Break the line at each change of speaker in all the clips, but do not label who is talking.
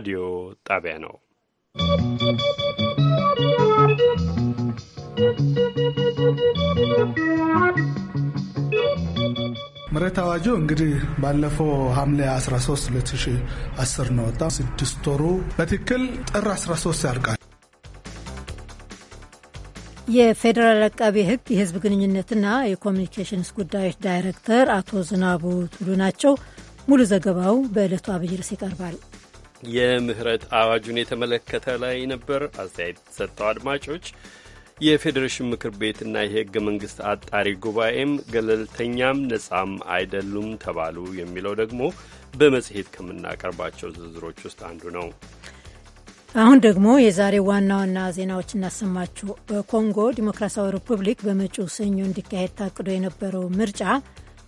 ሬዲዮ ጣቢያ ነው።
ምረት አዋጁ እንግዲህ ባለፈው ሐምሌ 13 2010 ነው ወጣ። ስድስት ወሩ በትክክል ጥር 13 ያልቃል።
የፌዴራል አቃቤ ሕግ የህዝብ ግንኙነትና የኮሚኒኬሽንስ ጉዳዮች ዳይሬክተር አቶ ዝናቡ ቱሉ ናቸው። ሙሉ ዘገባው በዕለቱ አብይ ርዕስ ይቀርባል።
የምህረት አዋጁን የተመለከተ ላይ ነበር አስተያየት ሰጠው አድማጮች። የፌዴሬሽን ምክር ቤትና የህገ መንግስት አጣሪ ጉባኤም ገለልተኛም ነጻም አይደሉም ተባሉ የሚለው ደግሞ በመጽሔት ከምናቀርባቸው ዝርዝሮች ውስጥ አንዱ
ነው። አሁን ደግሞ የዛሬ ዋና ዋና ዜናዎች እናሰማችሁ። በኮንጎ ዲሞክራሲያዊ ሪፑብሊክ በመጪው ሰኞ እንዲካሄድ ታቅዶ የነበረው ምርጫ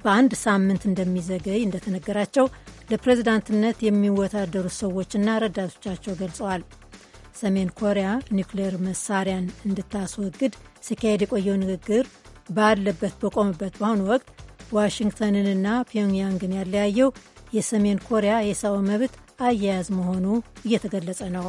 በአንድ ሳምንት እንደሚዘገይ እንደተነገራቸው ለፕሬዝዳንትነት የሚወታደሩ ሰዎችና ረዳቶቻቸው ገልጸዋል። ሰሜን ኮሪያ ኒውክሌር መሳሪያን እንድታስወግድ ሲካሄድ የቆየው ንግግር ባለበት በቆመበት በአሁኑ ወቅት ዋሽንግተንንና ፒዮንግያንግን ያለያየው የሰሜን ኮሪያ የሰው መብት አያያዝ መሆኑ እየተገለጸ ነው።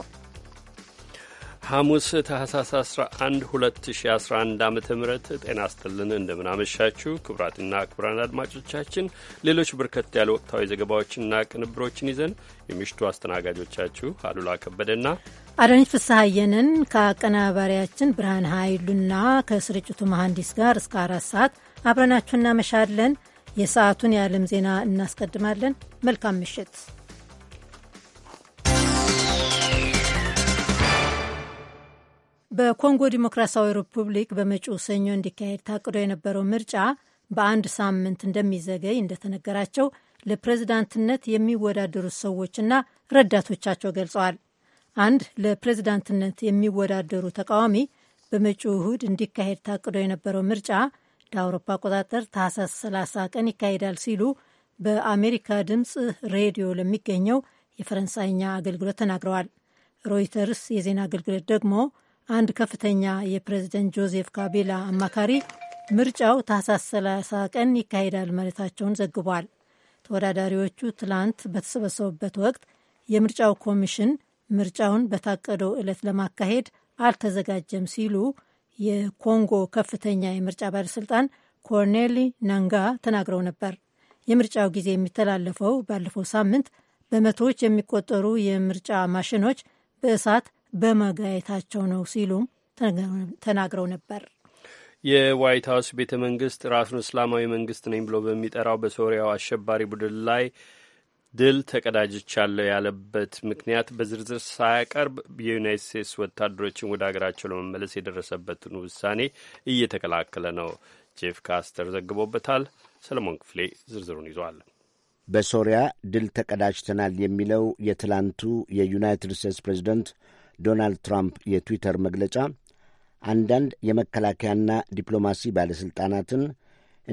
ሐሙስ ታህሳስ 11 2011 ዓ ም ጤና ስትልን እንደምናመሻችሁ ክቡራትና ክቡራን አድማጮቻችን ሌሎች በርከት ያለ ወቅታዊ ዘገባዎችና ቅንብሮችን ይዘን የምሽቱ አስተናጋጆቻችሁ አሉላ ከበደና
አዳነች ፍስሐየንን ከአቀናባሪያችን ብርሃን ኃይሉና ከስርጭቱ መሐንዲስ ጋር እስከ አራት ሰዓት አብረናችሁ እናመሻለን። የሰዓቱን የዓለም ዜና እናስቀድማለን። መልካም ምሽት። በኮንጎ ዲሞክራሲያዊ ሪፑብሊክ በመጪው ሰኞ እንዲካሄድ ታቅዶ የነበረው ምርጫ በአንድ ሳምንት እንደሚዘገይ እንደተነገራቸው ለፕሬዝዳንትነት የሚወዳደሩት ሰዎችና ረዳቶቻቸው ገልጸዋል። አንድ ለፕሬዝዳንትነት የሚወዳደሩ ተቃዋሚ በመጪው እሁድ እንዲካሄድ ታቅዶ የነበረው ምርጫ ለአውሮፓ አቆጣጠር ታህሳስ 30 ቀን ይካሄዳል ሲሉ በአሜሪካ ድምፅ ሬዲዮ ለሚገኘው የፈረንሳይኛ አገልግሎት ተናግረዋል። ሮይተርስ የዜና አገልግሎት ደግሞ አንድ ከፍተኛ የፕሬዝደንት ጆዜፍ ካቢላ አማካሪ ምርጫው ታህሳስ 30 ቀን ይካሄዳል ማለታቸውን ዘግቧል። ተወዳዳሪዎቹ ትላንት በተሰበሰቡበት ወቅት የምርጫው ኮሚሽን ምርጫውን በታቀደው ዕለት ለማካሄድ አልተዘጋጀም ሲሉ የኮንጎ ከፍተኛ የምርጫ ባለሥልጣን ኮርኔሊ ናንጋ ተናግረው ነበር። የምርጫው ጊዜ የሚተላለፈው ባለፈው ሳምንት በመቶዎች የሚቆጠሩ የምርጫ ማሽኖች በእሳት በመጋየታቸው ነው ሲሉ ተናግረው ነበር።
የዋይት ሀውስ ቤተ መንግስት ራሱን እስላማዊ መንግስት ነኝ ብሎ በሚጠራው በሶሪያው አሸባሪ ቡድን ላይ ድል ተቀዳጅቻለሁ ያለበት ምክንያት በዝርዝር ሳያቀርብ የዩናይት ስቴትስ ወታደሮችን ወደ ሀገራቸው ለመመለስ የደረሰበትን ውሳኔ እየተከላከለ ነው። ጄፍ ካስተር ዘግቦበታል። ሰለሞን ክፍሌ ዝርዝሩን ይዟል።
በሶሪያ ድል ተቀዳጅተናል የሚለው የትላንቱ የዩናይትድ ስቴትስ ፕሬዚደንት ዶናልድ ትራምፕ የትዊተር መግለጫ አንዳንድ የመከላከያና ዲፕሎማሲ ባለሥልጣናትን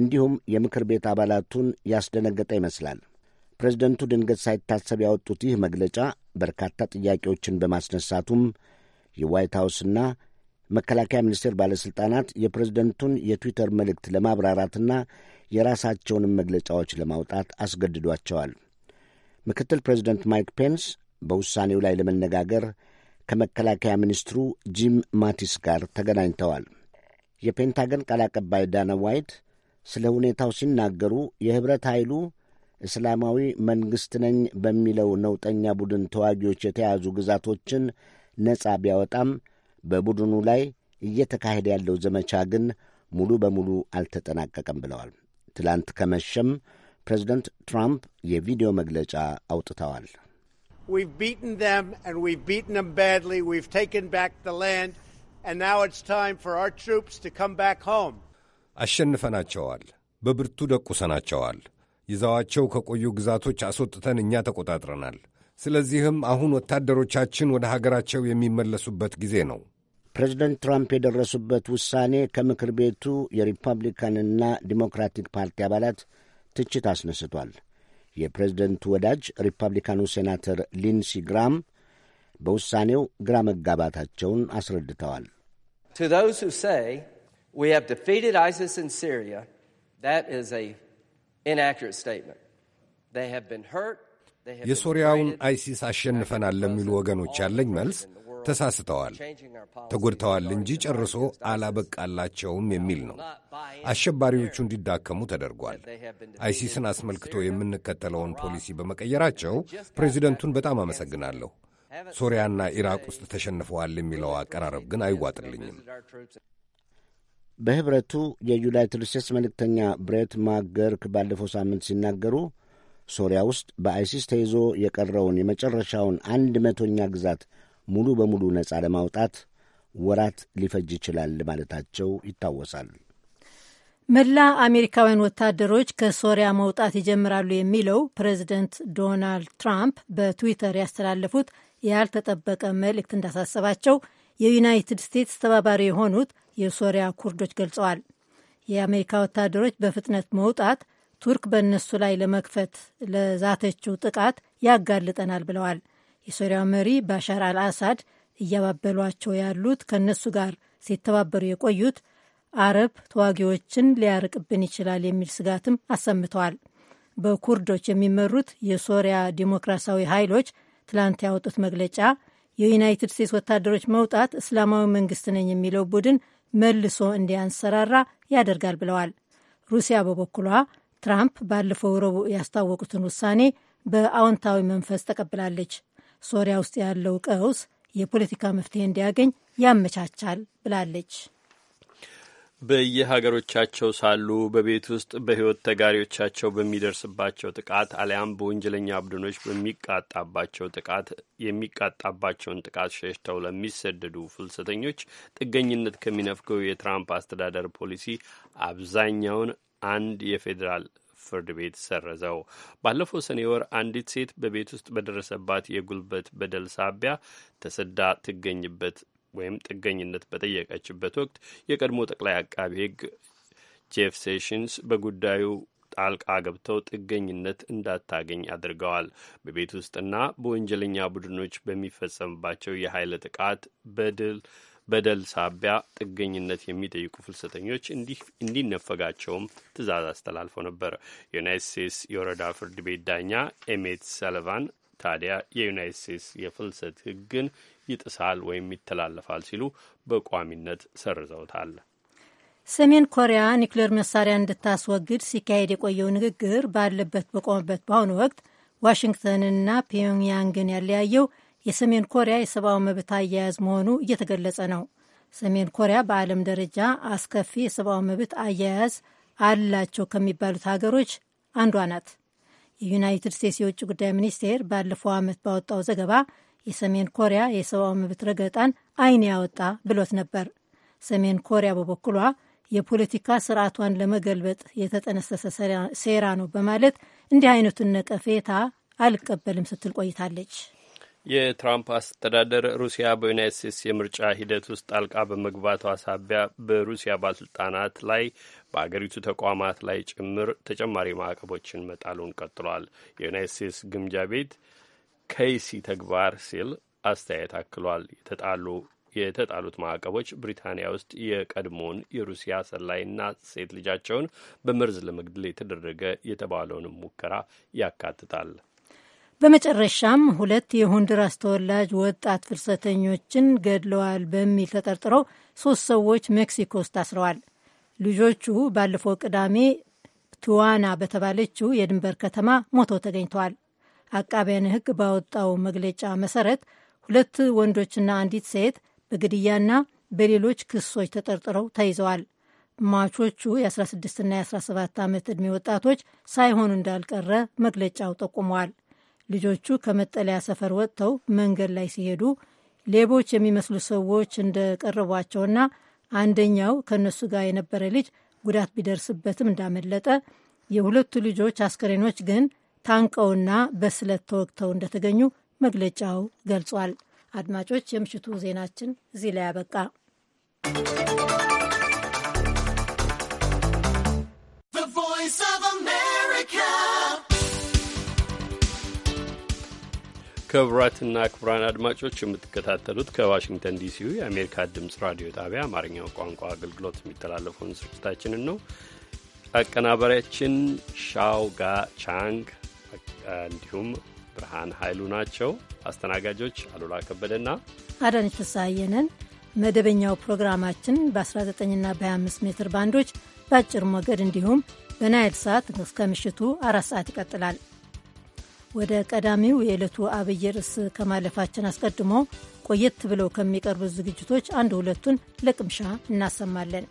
እንዲሁም የምክር ቤት አባላቱን ያስደነገጠ ይመስላል። ፕሬዝደንቱ ድንገት ሳይታሰብ ያወጡት ይህ መግለጫ በርካታ ጥያቄዎችን በማስነሳቱም የዋይት ሐውስና መከላከያ ሚኒስቴር ባለሥልጣናት የፕሬዝደንቱን የትዊተር መልእክት ለማብራራትና የራሳቸውንም መግለጫዎች ለማውጣት አስገድዷቸዋል። ምክትል ፕሬዝደንት ማይክ ፔንስ በውሳኔው ላይ ለመነጋገር ከመከላከያ ሚኒስትሩ ጂም ማቲስ ጋር ተገናኝተዋል። የፔንታገን ቃል አቀባይ ዳነ ዋይት ስለ ሁኔታው ሲናገሩ የኅብረት ኃይሉ እስላማዊ መንግሥት ነኝ በሚለው ነውጠኛ ቡድን ተዋጊዎች የተያዙ ግዛቶችን ነጻ ቢያወጣም በቡድኑ ላይ እየተካሄደ ያለው ዘመቻ ግን ሙሉ በሙሉ አልተጠናቀቀም ብለዋል። ትላንት ከመሸም ፕሬዚደንት ትራምፕ የቪዲዮ መግለጫ አውጥተዋል።
We've beaten them,
and we've beaten them badly. We've taken back the land, and now it's time for our troops to come back home.
አሸንፈናቸዋል፣ በብርቱ ደቁሰናቸዋል። ይዘዋቸው ከቆዩ ግዛቶች አስወጥተን እኛ ተቆጣጥረናል። ስለዚህም አሁን ወታደሮቻችን ወደ ሀገራቸው የሚመለሱበት ጊዜ ነው።
ፕሬዚደንት ትራምፕ የደረሱበት ውሳኔ ከምክር ቤቱ የሪፐብሊካንና ዲሞክራቲክ ፓርቲ አባላት ትችት አስነስቷል። የፕሬዝደንቱ ወዳጅ ሪፐብሊካኑ ሴናተር ሊንሲ ግራም በውሳኔው ግራ መጋባታቸውን አስረድተዋል።
የሶሪያውን አይሲስ አሸንፈናል ለሚሉ ወገኖች ያለኝ መልስ ተሳስተዋል፣ ተጎድተዋል እንጂ ጨርሶ አላበቃላቸውም የሚል ነው። አሸባሪዎቹ እንዲዳከሙ ተደርጓል። አይሲስን አስመልክቶ የምንከተለውን ፖሊሲ በመቀየራቸው ፕሬዚደንቱን በጣም አመሰግናለሁ። ሶሪያና ኢራቅ ውስጥ ተሸንፈዋል የሚለው አቀራረብ ግን አይዋጥልኝም።
በህብረቱ የዩናይትድ ስቴትስ መልእክተኛ ብሬት ማገርክ ባለፈው ሳምንት ሲናገሩ ሶሪያ ውስጥ በአይሲስ ተይዞ የቀረውን የመጨረሻውን አንድ መቶኛ ግዛት ሙሉ በሙሉ ነጻ ለማውጣት ወራት ሊፈጅ ይችላል ማለታቸው ይታወሳል።
መላ አሜሪካውያን ወታደሮች ከሶሪያ መውጣት ይጀምራሉ የሚለው ፕሬዚደንት ዶናልድ ትራምፕ በትዊተር ያስተላለፉት ያልተጠበቀ መልእክት እንዳሳሰባቸው የዩናይትድ ስቴትስ ተባባሪ የሆኑት የሶሪያ ኩርዶች ገልጸዋል። የአሜሪካ ወታደሮች በፍጥነት መውጣት ቱርክ በእነሱ ላይ ለመክፈት ለዛተችው ጥቃት ያጋልጠናል ብለዋል። የሶሪያው መሪ ባሻር አልአሳድ እያባበሏቸው ያሉት ከእነሱ ጋር ሲተባበሩ የቆዩት አረብ ተዋጊዎችን ሊያርቅብን ይችላል የሚል ስጋትም አሰምተዋል። በኩርዶች የሚመሩት የሶሪያ ዲሞክራሲያዊ ኃይሎች ትላንት ያወጡት መግለጫ የዩናይትድ ስቴትስ ወታደሮች መውጣት እስላማዊ መንግስት ነኝ የሚለው ቡድን መልሶ እንዲያንሰራራ ያደርጋል ብለዋል። ሩሲያ በበኩሏ ትራምፕ ባለፈው ረቡዕ ያስታወቁትን ውሳኔ በአዎንታዊ መንፈስ ተቀብላለች። ሶሪያ ውስጥ ያለው ቀውስ የፖለቲካ መፍትሄ እንዲያገኝ ያመቻቻል ብላለች።
በየሀገሮቻቸው ሳሉ በቤት ውስጥ በሕይወት ተጋሪዎቻቸው በሚደርስባቸው ጥቃት አሊያም በወንጀለኛ ቡድኖች በሚቃጣባቸው ጥቃት የሚቃጣባቸውን ጥቃት ሸሽተው ለሚሰደዱ ፍልሰተኞች ጥገኝነት ከሚነፍገው የትራምፕ አስተዳደር ፖሊሲ አብዛኛውን አንድ የፌዴራል ፍርድ ቤት ሰረዘው። ባለፈው ሰኔ ወር አንዲት ሴት በቤት ውስጥ በደረሰባት የጉልበት በደል ሳቢያ ተሰዳ ትገኝበት ወይም ጥገኝነት በጠየቀችበት ወቅት የቀድሞ ጠቅላይ አቃቢ ሕግ ጄፍ ሴሽንስ በጉዳዩ ጣልቃ ገብተው ጥገኝነት እንዳታገኝ አድርገዋል። በቤት ውስጥና በወንጀለኛ ቡድኖች በሚፈጸምባቸው የኃይል ጥቃት በድል በደል ሳቢያ ጥገኝነት የሚጠይቁ ፍልሰተኞች እንዲነፈጋቸውም ትዕዛዝ አስተላልፈው ነበር። የዩናይት ስቴትስ የወረዳ ፍርድ ቤት ዳኛ ኤሜት ሰለቫን ታዲያ የዩናይት ስቴትስ የፍልሰት ሕግን ይጥሳል ወይም ይተላለፋል ሲሉ በቋሚነት ሰርዘውታል።
ሰሜን ኮሪያ ኒውክሌር መሳሪያ እንድታስወግድ ሲካሄድ የቆየው ንግግር ባለበት በቆመበት በአሁኑ ወቅት ዋሽንግተንና ፒዮንግያንግን ያለያየው የሰሜን ኮሪያ የሰብአዊ መብት አያያዝ መሆኑ እየተገለጸ ነው። ሰሜን ኮሪያ በዓለም ደረጃ አስከፊ የሰብአዊ መብት አያያዝ አላቸው ከሚባሉት ሀገሮች አንዷ ናት። የዩናይትድ ስቴትስ የውጭ ጉዳይ ሚኒስቴር ባለፈው ዓመት ባወጣው ዘገባ የሰሜን ኮሪያ የሰብአዊ መብት ረገጣን አይን ያወጣ ብሎት ነበር። ሰሜን ኮሪያ በበኩሏ የፖለቲካ ስርዓቷን ለመገልበጥ የተጠነሰሰ ሴራ ነው በማለት እንዲህ አይነቱን ነቀፌታ አልቀበልም ስትል ቆይታለች።
የትራምፕ አስተዳደር ሩሲያ በዩናይት ስቴትስ የምርጫ ሂደት ውስጥ ጣልቃ በመግባቷ ሳቢያ በሩሲያ ባለስልጣናት ላይ በአገሪቱ ተቋማት ላይ ጭምር ተጨማሪ ማዕቀቦችን መጣሉን ቀጥሏል። የዩናይት ስቴትስ ግምጃ ቤት ከይሲ ተግባር ሲል አስተያየት አክሏል። የተጣሉ የተጣሉት ማዕቀቦች ብሪታንያ ውስጥ የቀድሞውን የሩሲያ ሰላይና ሴት ልጃቸውን በመርዝ ለመግደል የተደረገ የተባለውን ሙከራ ያካትታል።
በመጨረሻም ሁለት የሆንዱራስ ተወላጅ ወጣት ፍልሰተኞችን ገድለዋል በሚል ተጠርጥረው ሶስት ሰዎች ሜክሲኮ ውስጥ ታስረዋል። ልጆቹ ባለፈው ቅዳሜ ቱዋና በተባለችው የድንበር ከተማ ሞተው ተገኝተዋል። አቃቢያን ሕግ ባወጣው መግለጫ መሰረት ሁለት ወንዶችና አንዲት ሴት በግድያና በሌሎች ክሶች ተጠርጥረው ተይዘዋል። ማቾቹ የ16ና የ17 ዓመት ዕድሜ ወጣቶች ሳይሆኑ እንዳልቀረ መግለጫው ጠቁመዋል። ልጆቹ ከመጠለያ ሰፈር ወጥተው መንገድ ላይ ሲሄዱ ሌቦች የሚመስሉ ሰዎች እንደቀረቧቸውና አንደኛው ከእነሱ ጋር የነበረ ልጅ ጉዳት ቢደርስበትም እንዳመለጠ የሁለቱ ልጆች አስከሬኖች ግን ታንቀውና በስለት ተወግተው እንደተገኙ መግለጫው ገልጿል። አድማጮች፣ የምሽቱ ዜናችን እዚህ ላይ አበቃ። ቮይስ ኦፍ
አሜሪካ
ክቡራትና ክቡራን አድማጮች የምትከታተሉት ከዋሽንግተን ዲሲው የአሜሪካ ድምፅ ራዲዮ ጣቢያ አማርኛው ቋንቋ አገልግሎት የሚተላለፈውን ስርጭታችንን ነው። አቀናባሪያችን ሻውጋ ቻንግ እንዲሁም ብርሃን ኃይሉ ናቸው። አስተናጋጆች አሉላ ከበደና
አዳነች ፍስሐየንን። መደበኛው ፕሮግራማችን በ19ና በ25 ሜትር ባንዶች በአጭር ሞገድ እንዲሁም በናይል ሰዓት እስከ ምሽቱ አራት ሰዓት ይቀጥላል። ወደ ቀዳሚው የዕለቱ አብይ ርዕስ ከማለፋችን አስቀድሞ ቆየት ብለው ከሚቀርቡ ዝግጅቶች አንድ ሁለቱን ለቅምሻ እናሰማለን።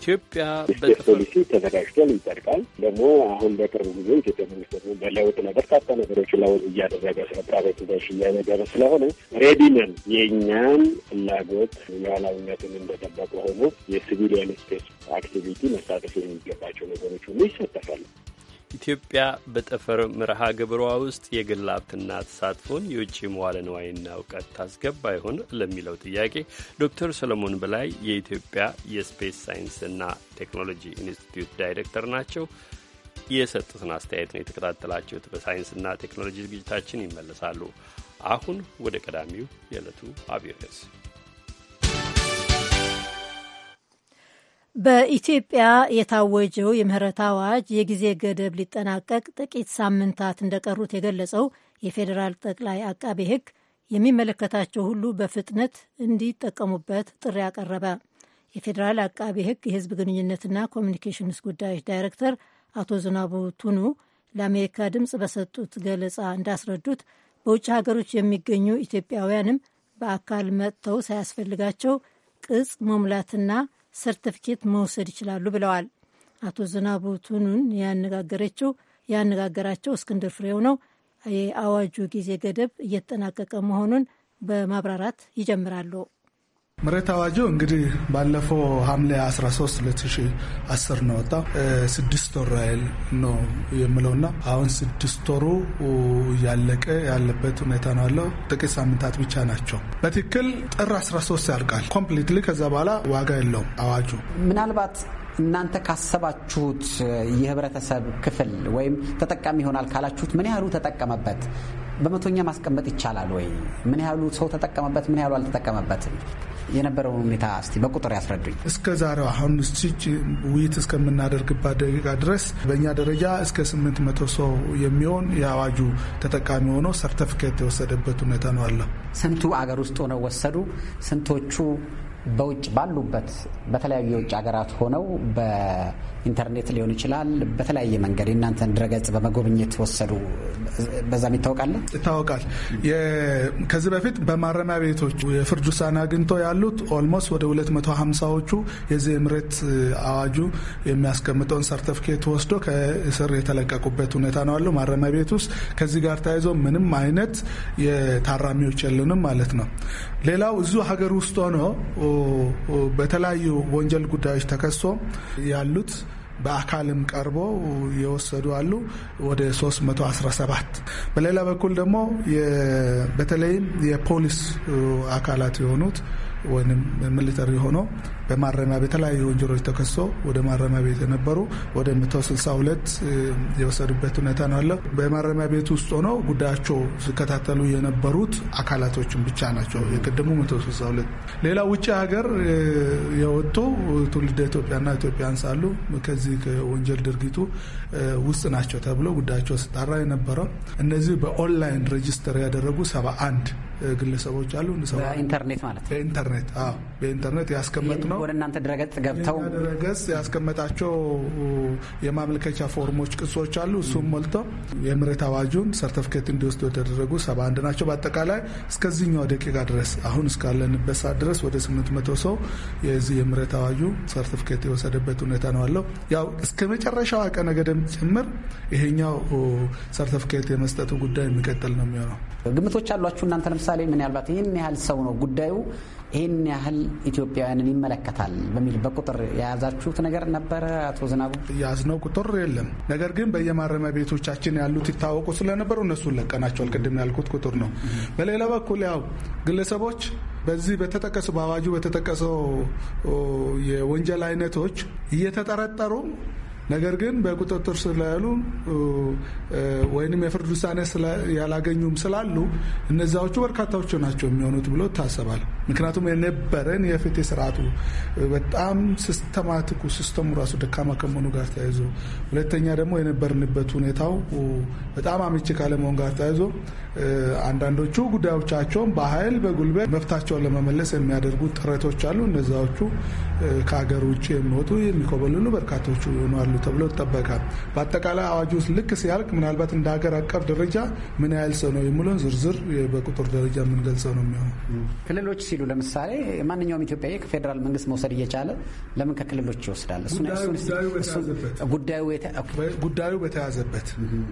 ኢትዮጵያ ፖሊሲ ተዘጋጅቷል፣ ይጸድቃል። ደግሞ አሁን በቅርብ ጊዜ ኢትዮጵያ መንግስት ደግሞ በለውጥ በርካታ ነገሮች ለውጥ እያደረገ ስለ ፕራይቬታይዜሽን እያነገረ ስለሆነ ሬዲ ነን። የእኛን ፍላጎት የኋላዊነትን እንደጠበቀ ሆኖ የሲቪሊያን ስፔስ አክቲቪቲ መሳተፍ የሚገባቸው ነገሮች ሁሉ ይሳተፋል።
ኢትዮጵያ በጠፈር መርሃ ግብሯ ውስጥ የግል ሀብትና ተሳትፎን የውጭ መዋለ ንዋይና እውቀት ታስገባ ይሆን ለሚለው ጥያቄ ዶክተር ሰለሞን በላይ የኢትዮጵያ የስፔስ ሳይንስና ቴክኖሎጂ ኢንስቲትዩት ዳይሬክተር ናቸው። የሰጡትን አስተያየት ነው የተከታተላችሁት። በሳይንስና ቴክኖሎጂ ዝግጅታችን ይመለሳሉ። አሁን ወደ ቀዳሚው የዕለቱ አብይ ርዕስ
በኢትዮጵያ የታወጀው የምህረት አዋጅ የጊዜ ገደብ ሊጠናቀቅ ጥቂት ሳምንታት እንደቀሩት የገለጸው የፌዴራል ጠቅላይ አቃቤ ሕግ የሚመለከታቸው ሁሉ በፍጥነት እንዲጠቀሙበት ጥሪ አቀረበ። የፌዴራል አቃቤ ሕግ የህዝብ ግንኙነትና ኮሚኒኬሽንስ ጉዳዮች ዳይሬክተር አቶ ዝናቡ ቱኑ ለአሜሪካ ድምፅ በሰጡት ገለጻ እንዳስረዱት በውጭ ሀገሮች የሚገኙ ኢትዮጵያውያንም በአካል መጥተው ሳያስፈልጋቸው ቅጽ መሙላትና ሰርተፍኬት መውሰድ ይችላሉ ብለዋል። አቶ ዝናቡ ቱኑን ያነጋገረችው ያነጋገራቸው እስክንድር ፍሬው ነው። የአዋጁ ጊዜ ገደብ እየተጠናቀቀ መሆኑን በማብራራት ይጀምራሉ።
መሬት አዋጁ እንግዲህ ባለፈው ሐምሌ 13 2010 ነው ወጣ። ስድስት ወር ያህል ነው የምለውና አሁን ስድስት ወሩ እያለቀ ያለበት ሁኔታ ነው ያለው። ጥቂት ሳምንታት ብቻ ናቸው። በትክክል ጥር 13 ያልቃል ኮምፕሊትሊ። ከዛ በኋላ ዋጋ የለውም አዋጁ
ምናልባት እናንተ ካሰባችሁት የህብረተሰብ ክፍል ወይም ተጠቃሚ ይሆናል ካላችሁት ምን ያህሉ ተጠቀመበት? በመቶኛ ማስቀመጥ ይቻላል ወይ? ምን ያህሉ ሰው ተጠቀመበት? ምን ያህሉ አልተጠቀመበትም? የነበረውን ሁኔታ እስቲ በቁጥር ያስረዱኝ።
እስከ ዛሬው አሁን ስች ውይይት እስከምናደርግባት ደቂቃ ድረስ በእኛ ደረጃ እስከ ስምንት መቶ ሰው የሚሆን የአዋጁ ተጠቃሚ ሆኖ ሰርተፍኬት የወሰደበት ሁኔታ ነው አለ። ስንቱ አገር ውስጥ ሆነው
ወሰዱ? ስንቶቹ
በውጭ ባሉበት በተለያዩ
የውጭ ሀገራት ሆነው ኢንተርኔት ሊሆን ይችላል። በተለያየ መንገድ የእናንተን ድረገጽ
በመጎብኘት ወሰዱ። በዛም ይታወቃል ይታወቃል። ከዚህ በፊት በማረሚያ ቤቶች የፍርድ ውሳኔ አግኝቶ ያሉት ኦልሞስት ወደ 250ዎቹ የዚህ የምሬት አዋጁ የሚያስቀምጠውን ሰርተፊኬት ወስዶ ከእስር የተለቀቁበት ሁኔታ ነው ያለው ማረሚያ ቤት ውስጥ። ከዚህ ጋር ተያይዞ ምንም አይነት የታራሚዎች የለንም ማለት ነው። ሌላው እዙ ሀገር ውስጥ ሆኖ በተለያዩ ወንጀል ጉዳዮች ተከሶ ያሉት በአካልም ቀርቦ የወሰዱ አሉ ወደ 317። በሌላ በኩል ደግሞ በተለይም የፖሊስ አካላት የሆኑት ወይም ሚሊተሪ ሆኖ በማረሚያ በተለያዩ ወንጀሎች ተከሶ ወደ ማረሚያ ቤት የነበሩ ወደ 162 የወሰዱበት ሁኔታ ነው ያለው። በማረሚያ ቤት ውስጥ ሆኖ ጉዳያቸው ሲከታተሉ የነበሩት አካላቶችን ብቻ ናቸው። የቅድሙ 162። ሌላ ውጭ ሀገር የወጡ ትውልደ ኢትዮጵያና ኢትዮጵያን ሳሉ ከዚህ ከወንጀል ድርጊቱ ውስጥ ናቸው ተብሎ ጉዳያቸው ስጣራ የነበረው እነዚህ በኦንላይን ሬጅስተር ያደረጉ ሰባ ግለሰቦች አሉ። ኢንተርኔት ማለት በኢንተርኔት አዎ፣ በኢንተርኔት ያስቀመጥ ነው። ወደ እናንተ ድረገጽ ገብተው ድረገጽ ያስቀመጣቸው የማመልከቻ ፎርሞች፣ ቅጾች አሉ። እሱም ሞልቶ የምህረት አዋጁን ሰርተፍኬት እንዲወስዱ የተደረጉ ሰባ አንድ ናቸው። በአጠቃላይ እስከዚህኛው ደቂቃ ድረስ አሁን እስካለንበት ሰዓት ድረስ ወደ ስምንት መቶ ሰው የዚህ የምህረት አዋጁ ሰርተፍኬት የወሰደበት ሁኔታ ነው አለው። ያው እስከ መጨረሻው ቀነ ገደም ጭምር ይሄኛው ሰርተፍኬት የመስጠቱ ጉዳይ የሚቀጥል ነው የሚሆነው።
ግምቶች አሏችሁ እናንተ ለምሳሌ ለምሳሌ ምናልባት ይህን ያህል ሰው ነው ጉዳዩ ይህን ያህል ኢትዮጵያውያንን ይመለከታል በሚል በቁጥር
የያዛችሁት ነገር ነበረ? አቶ ዝናቡ ያዝነው ቁጥር የለም። ነገር ግን በየማረሚያ ቤቶቻችን ያሉት ይታወቁ ስለነበሩ እነሱን ለቀናቸዋል። ቅድም ያልኩት ቁጥር ነው። በሌላ በኩል ያው ግለሰቦች በዚህ በተጠቀሱ በአዋጁ በተጠቀሰው የወንጀል አይነቶች እየተጠረጠሩ ነገር ግን በቁጥጥር ስር ያሉ ወይንም የፍርድ ውሳኔ ያላገኙም ስላሉ እነዚያዎቹ በርካታዎቹ ናቸው የሚሆኑት ብሎ ይታሰባል። ምክንያቱም የነበረን የፍትህ ስርዓቱ በጣም ሲስተማቲኩ ሲስተሙ ራሱ ደካማ ከመሆኑ ጋር ተያይዞ፣ ሁለተኛ ደግሞ የነበርንበት ሁኔታው በጣም አመቺ ካለመሆን ጋር ተያይዞ አንዳንዶቹ ጉዳዮቻቸውን በኃይል በጉልበት መብታቸውን ለመመለስ የሚያደርጉት ጥረቶች አሉ። እነዚያዎቹ ከሀገር ውጭ የሚወጡ የሚኮበልሉ በርካቶቹ ይሆናሉ። ይደርሳሉ ተብሎ ይጠበቃል። በአጠቃላይ አዋጁ ውስጥ ልክ ሲያልቅ ምናልባት እንደ ሀገር አቀፍ ደረጃ ምን ያህል ሰው ነው የሚለውን ዝርዝር በቁጥር ደረጃ የምንገልጸው ነው የሚሆነው።
ክልሎች ሲሉ ለምሳሌ ማንኛውም ኢትዮጵያዊ ከፌዴራል መንግስት መውሰድ እየቻለ ለምን ከክልሎች ይወስዳል?
ጉዳዩ በተያዘበት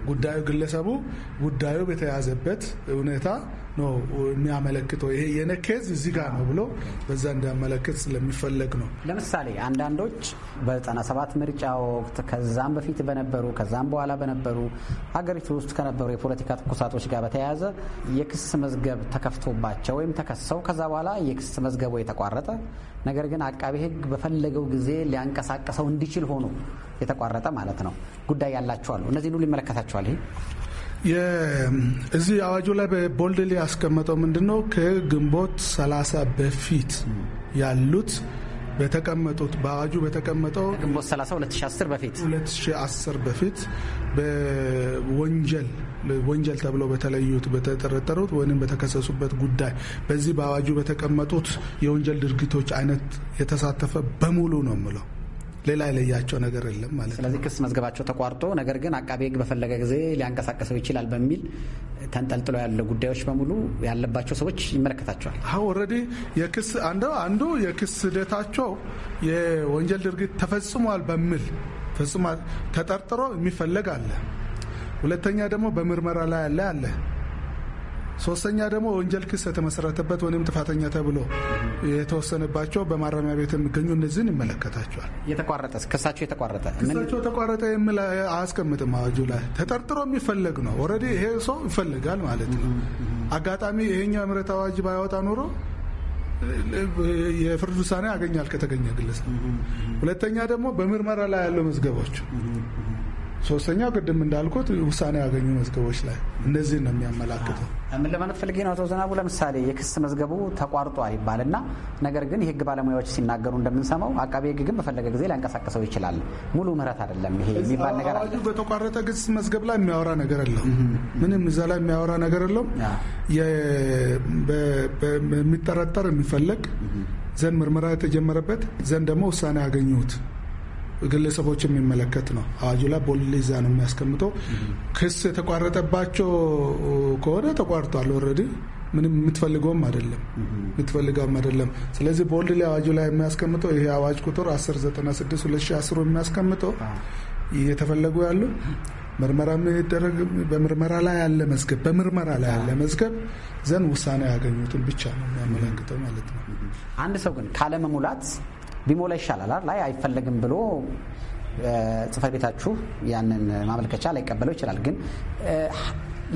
ጉዳዩ ግለሰቡ ጉዳዩ በተያዘበት ሁኔታ ነው የሚያመለክተው። ይሄ የነኬዝ እዚህ ጋር ነው ብሎ በዛ እንዲያመለክት ስለሚፈለግ ነው። ለምሳሌ
አንዳንዶች በ ሰባት ምርጫ ወቅት ከዛም በፊት በነበሩ ከዛም በኋላ በነበሩ ሀገሪቱ ውስጥ ከነበሩ የፖለቲካ ትኩሳቶች ጋር በተያያዘ የክስ መዝገብ ተከፍቶባቸው ወይም ተከሰው ከዛ በኋላ የክስ መዝገቡ የተቋረጠ ነገር ግን አቃቢ ሕግ በፈለገው ጊዜ ሊያንቀሳቀሰው እንዲችል ሆኖ የተቋረጠ ማለት ነው ጉዳይ ያላቸዋሉ። እነዚህን ሁሉ ይመለከታቸዋል ይሄ
እዚህ አዋጁ ላይ በቦልድሊ ያስቀመጠው ምንድን ነው? ከግንቦት 30 በፊት ያሉት በተቀመጡት በአዋጁ በተቀመጠው ግንቦት 30 2010 በፊት 2010 በፊት በወንጀል ወንጀል ተብለው በተለዩት በተጠረጠሩት ወይም በተከሰሱበት ጉዳይ በዚህ በአዋጁ በተቀመጡት የወንጀል ድርጊቶች አይነት የተሳተፈ በሙሉ ነው የምለው ሌላ የለያቸው ነገር የለም ማለት
ነው። ስለዚህ ክስ መዝገባቸው
ተቋርጦ ነገር ግን አቃቤ ሕግ በፈለገ
ጊዜ ሊያንቀሳቀሰው ይችላል በሚል ተንጠልጥሎ ያለ ጉዳዮች በሙሉ ያለባቸው ሰዎች
ይመለከታቸዋል። አሁ ኦልሬዲ የክስ አንዱ የክስ ሂደታቸው የወንጀል ድርጊት ተፈጽሟል በሚል ተጠርጥሮ የሚፈለግ አለ። ሁለተኛ ደግሞ በምርመራ ላይ ያለ አለ ሶስተኛ ደግሞ ወንጀል ክስ የተመሰረተበት ወይም ጥፋተኛ ተብሎ የተወሰነባቸው በማረሚያ ቤት የሚገኙ እነዚህን ይመለከታቸዋል።
የተቋረጠ ክሳቸው የተቋረጠ ክሳቸው
ተቋረጠ የሚል አያስቀምጥም አዋጁ ላይ። ተጠርጥሮ የሚፈለግ ነው። ኦልሬዲ ይሄ ሰው ይፈልጋል ማለት ነው። አጋጣሚ ይሄኛው የምህረት አዋጅ ባያወጣ ኖሮ የፍርድ ውሳኔ ያገኛል ከተገኘ ግለሰብ። ሁለተኛ ደግሞ በምርመራ ላይ ያሉ መዝገቦች ሶስተኛው ቅድም እንዳልኩት ውሳኔ ያገኙ መዝገቦች ላይ እንደዚህ ነው የሚያመላክተው።
ምን ለማለት ፈልጌ ነው አቶ ዝናቡ፣ ለምሳሌ የክስ መዝገቡ ተቋርጧል ይባልና ነገር ግን የህግ ባለሙያዎች ሲናገሩ እንደምንሰማው አቃቤ ህግ ግን በፈለገ ጊዜ ሊያንቀሳቀሰው ይችላል። ሙሉ ምህረት አይደለም ይሄ የሚባል ነገር
አለ። በተቋረጠ ክስ መዝገብ ላይ የሚያወራ ነገር የለም። ምንም እዛ ላይ የሚያወራ ነገር የለም። የሚጠረጠር የሚፈለግ ዘንድ ምርመራ የተጀመረበት ዘንድ ደግሞ ውሳኔ ያገኙት ግለሰቦች የሚመለከት ነው። አዋጁ ላይ ቦሊዛ ነው የሚያስቀምጠው። ክስ የተቋረጠባቸው ከሆነ ተቋርጧል። ኦልሬዲ ምንም የምትፈልገውም አይደለም የምትፈልገውም አይደለም። ስለዚህ ቦልድ ላይ አዋጁ ላይ የሚያስቀምጠው ይሄ አዋጅ ቁጥር 1096 2010 የሚያስቀምጠው እየተፈለጉ ያሉ ምርመራ የሚደረግ በምርመራ ላይ ያለ መዝገብ በምርመራ ላይ ያለ መዝገብ ዘንድ ውሳኔ ያገኙትን ብቻ ነው የሚያመለክተው ማለት ነው።
አንድ ሰው ግን ካለመሙላት ቢሞላ ይሻላል ላይ አይፈለግም ብሎ ጽህፈት ቤታችሁ ያንን ማመልከቻ ላይቀበለው ይችላል። ግን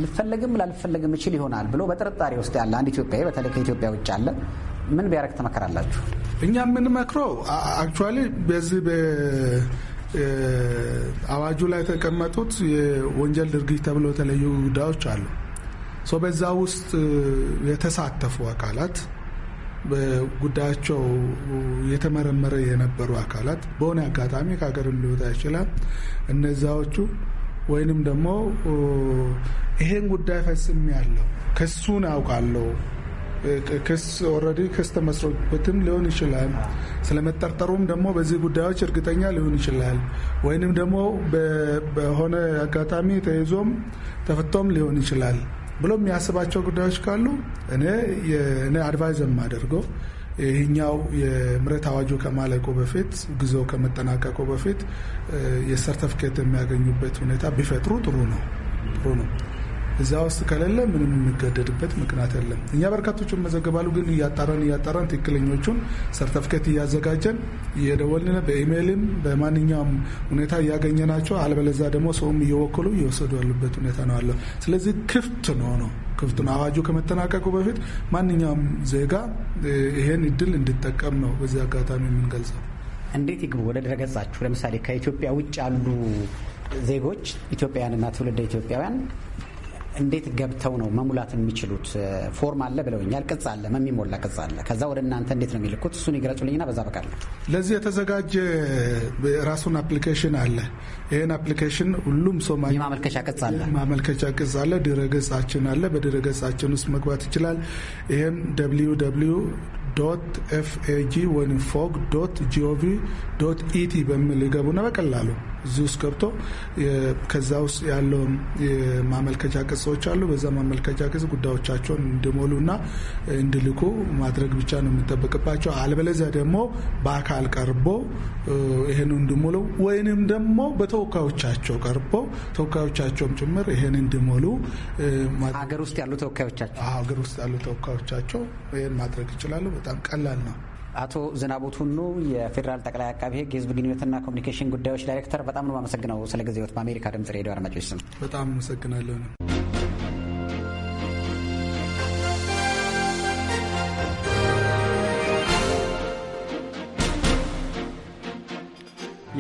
ልፈለግም ላልፈለግም እችል ይሆናል ብሎ በጥርጣሬ ውስጥ ያለ አንድ ኢትዮጵያዊ በተለይ ከኢትዮጵያ ውጭ አለ ምን ቢያደርግ ትመክራላችሁ?
እኛ የምንመክረው አክቹዋሊ በዚህ በአዋጁ ላይ የተቀመጡት የወንጀል ድርጊት ተብሎ የተለዩ ጉዳዮች አሉ። በዛ ውስጥ የተሳተፉ አካላት በጉዳያቸው የተመረመረ የነበሩ አካላት በሆነ አጋጣሚ ከሀገር ሊወጣ ይችላል። እነዛዎቹ ወይንም ደግሞ ይሄን ጉዳይ ፈጽም ያለው ክሱን አውቃለሁ ክስ ኦልሬዲ ክስ ተመስሮበትም ሊሆን ይችላል። ስለመጠርጠሩም ደግሞ በዚህ ጉዳዮች እርግጠኛ ሊሆን ይችላል። ወይንም ደግሞ በሆነ አጋጣሚ ተይዞም ተፈቶም ሊሆን ይችላል። ብሎ የሚያስባቸው ጉዳዮች ካሉ እኔ እኔ አድቫይዝ የማደርገው ይህኛው የምረት አዋጁ ከማለቁ በፊት ጊዜው ከመጠናቀቁ በፊት የሰርተፍኬት የሚያገኙበት ሁኔታ ቢፈጥሩ ጥሩ ነው ጥሩ ነው። እዛ ውስጥ ከሌለ ምንም የሚገደድበት ምክንያት የለም። እኛ በርካቶቹን መዘገባሉ፣ ግን እያጣረን እያጣረን ትክክለኞቹን ሰርተፍኬት እያዘጋጀን እየደወልን በኢሜይልም በማንኛውም ሁኔታ እያገኘ ናቸው አለበለዛ ደግሞ ሰውም እየወከሉ እየወሰዱ ያሉበት ሁኔታ ነው አለው። ስለዚህ ክፍት ነው ነው ክፍት ነው። አዋጁ ከመጠናቀቁ በፊት ማንኛውም ዜጋ ይሄን እድል እንዲጠቀም ነው በዚህ አጋጣሚ የምንገልጸው። እንዴት
ይግቡ ወደ ድረገጻችሁ? ለምሳሌ ከኢትዮጵያ ውጭ ያሉ ዜጎች ኢትዮጵያውያንና ትውልደ ኢትዮጵያውያን እንዴት ገብተው ነው መሙላት የሚችሉት? ፎርም አለ ብለውኛል። ቅጽ አለ፣ የሚሞላ ቅጽ አለ። ከዛ ወደ እናንተ እንዴት ነው የሚልኩት? እሱን ይግለጹልኝና በዛ በቃለ።
ለዚህ የተዘጋጀ ራሱን አፕሊኬሽን አለ። ይህን አፕሊኬሽን ሁሉም ሰው ማመልከቻ ቅጽ አለ፣ ማመልከቻ ቅጽ አለ፣ ድረገጻችን አለ። በድረገጻችን ውስጥ መግባት ይችላል። ይህም ደብልዩ ደብልዩ ዶት ኤፍኤጂ ወይም ፎግ ዶት ጂኦቪ ዶት ኢቲ በሚል ይገቡና በቀላሉ እዚህ ውስጥ ገብቶ ከዛ ውስጥ ያለውን ማመልከቻ ቅጾች አሉ። በዛ ማመልከቻ ቅጽ ጉዳዮቻቸውን እንዲሞሉና እንዲልኩ ማድረግ ብቻ ነው የሚጠበቅባቸው። አልበለዚያ ደግሞ በአካል ቀርቦ ይህን እንዲሞሉ ወይንም ደግሞ በተወካዮቻቸው ቀርቦ ተወካዮቻቸውም ጭምር ይህን እንዲሞሉ ሀገር ውስጥ ያሉ ተወካዮቻቸው ሀገር ውስጥ ያሉ ተወካዮቻቸው ይህን ማድረግ ይችላሉ። በጣም ቀላል ነው።
አቶ ዝናቡ ቱኑ የፌዴራል ጠቅላይ አቃቢ ሕግ የህዝብ ግንኙነትና ኮሚኒኬሽን ጉዳዮች ዳይሬክተር፣ በጣም ነው አመሰግነው ስለ ጊዜዎት። በአሜሪካ ድምጽ ሬዲዮ አድማጮች ስም
በጣም አመሰግናለሁ።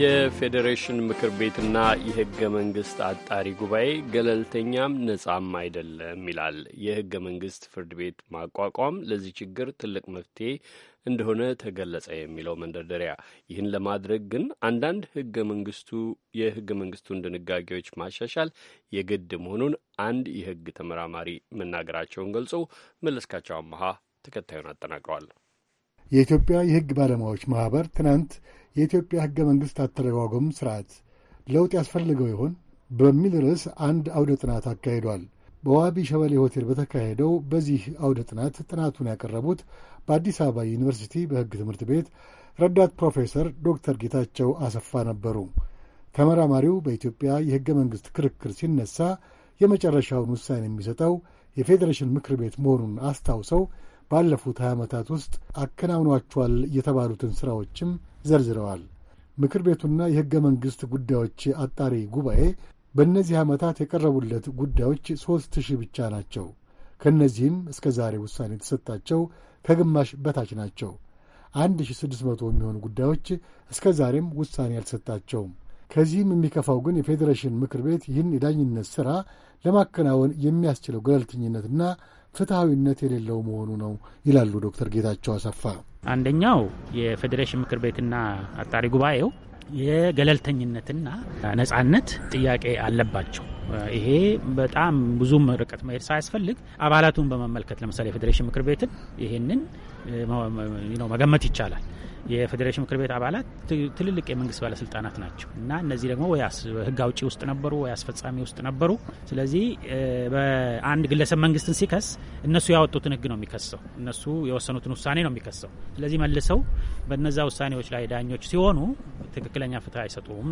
የፌዴሬሽን ምክር ቤትና የህገ መንግስት አጣሪ ጉባኤ ገለልተኛም ነጻም አይደለም ይላል። የህገ መንግስት ፍርድ ቤት ማቋቋም ለዚህ ችግር ትልቅ መፍትሄ እንደሆነ ተገለጸ የሚለው መንደርደሪያ። ይህን ለማድረግ ግን አንዳንድ ህገ መንግስቱ የህገ መንግስቱን ድንጋጌዎች ማሻሻል የግድ መሆኑን አንድ የህግ ተመራማሪ መናገራቸውን ገልጾ መለስካቸው አመሃ ተከታዩን አጠናቅረዋል።
የኢትዮጵያ የህግ ባለሙያዎች ማህበር ትናንት የኢትዮጵያ ህገ መንግስት አተረጓጎም ስርዓት ለውጥ ያስፈልገው ይሆን በሚል ርዕስ አንድ አውደ ጥናት አካሂዷል። በዋቢ ሸበሌ ሆቴል በተካሄደው በዚህ አውደ ጥናት ጥናቱን ያቀረቡት በአዲስ አበባ ዩኒቨርሲቲ በሕግ ትምህርት ቤት ረዳት ፕሮፌሰር ዶክተር ጌታቸው አሰፋ ነበሩ። ተመራማሪው በኢትዮጵያ የሕገ መንግሥት ክርክር ሲነሳ የመጨረሻውን ውሳኔ የሚሰጠው የፌዴሬሽን ምክር ቤት መሆኑን አስታውሰው ባለፉት 2 ዓመታት ውስጥ አከናውኗቸዋል የተባሉትን ሥራዎችም ዘርዝረዋል። ምክር ቤቱና የሕገ መንግሥት ጉዳዮች አጣሪ ጉባኤ በእነዚህ ዓመታት የቀረቡለት ጉዳዮች ሦስት ሺህ ብቻ ናቸው። ከእነዚህም እስከ ዛሬ ውሳኔ የተሰጣቸው ከግማሽ በታች ናቸው። 1600 የሚሆኑ ጉዳዮች እስከ ዛሬም ውሳኔ አልሰጣቸውም ከዚህም የሚከፋው ግን የፌዴሬሽን ምክር ቤት ይህን የዳኝነት ሥራ ለማከናወን የሚያስችለው ገለልተኝነትና ፍትሐዊነት የሌለው መሆኑ ነው ይላሉ ዶክተር ጌታቸው አሰፋ።
አንደኛው የፌዴሬሽን ምክር ቤትና አጣሪ ጉባኤው የገለልተኝነትና ነጻነት ጥያቄ አለባቸው። ይሄ በጣም ብዙም ርቀት መሄድ ሳያስፈልግ አባላቱን በመመልከት ለምሳሌ የፌዴሬሽን ምክር ቤትን ይሄንን መገመት ይቻላል። የፌዴሬሽን ምክር ቤት አባላት ትልልቅ የመንግስት ባለስልጣናት ናቸው እና እነዚህ ደግሞ ወይ ህግ አውጪ ውስጥ ነበሩ ወይ አስፈጻሚ ውስጥ ነበሩ። ስለዚህ በአንድ ግለሰብ መንግስትን ሲከስ እነሱ ያወጡትን ህግ ነው የሚከሰው፣ እነሱ የወሰኑትን ውሳኔ ነው የሚከሰው። ስለዚህ መልሰው በነዛ ውሳኔዎች ላይ ዳኞች ሲሆኑ ትክክለኛ ፍትህ አይሰጡም።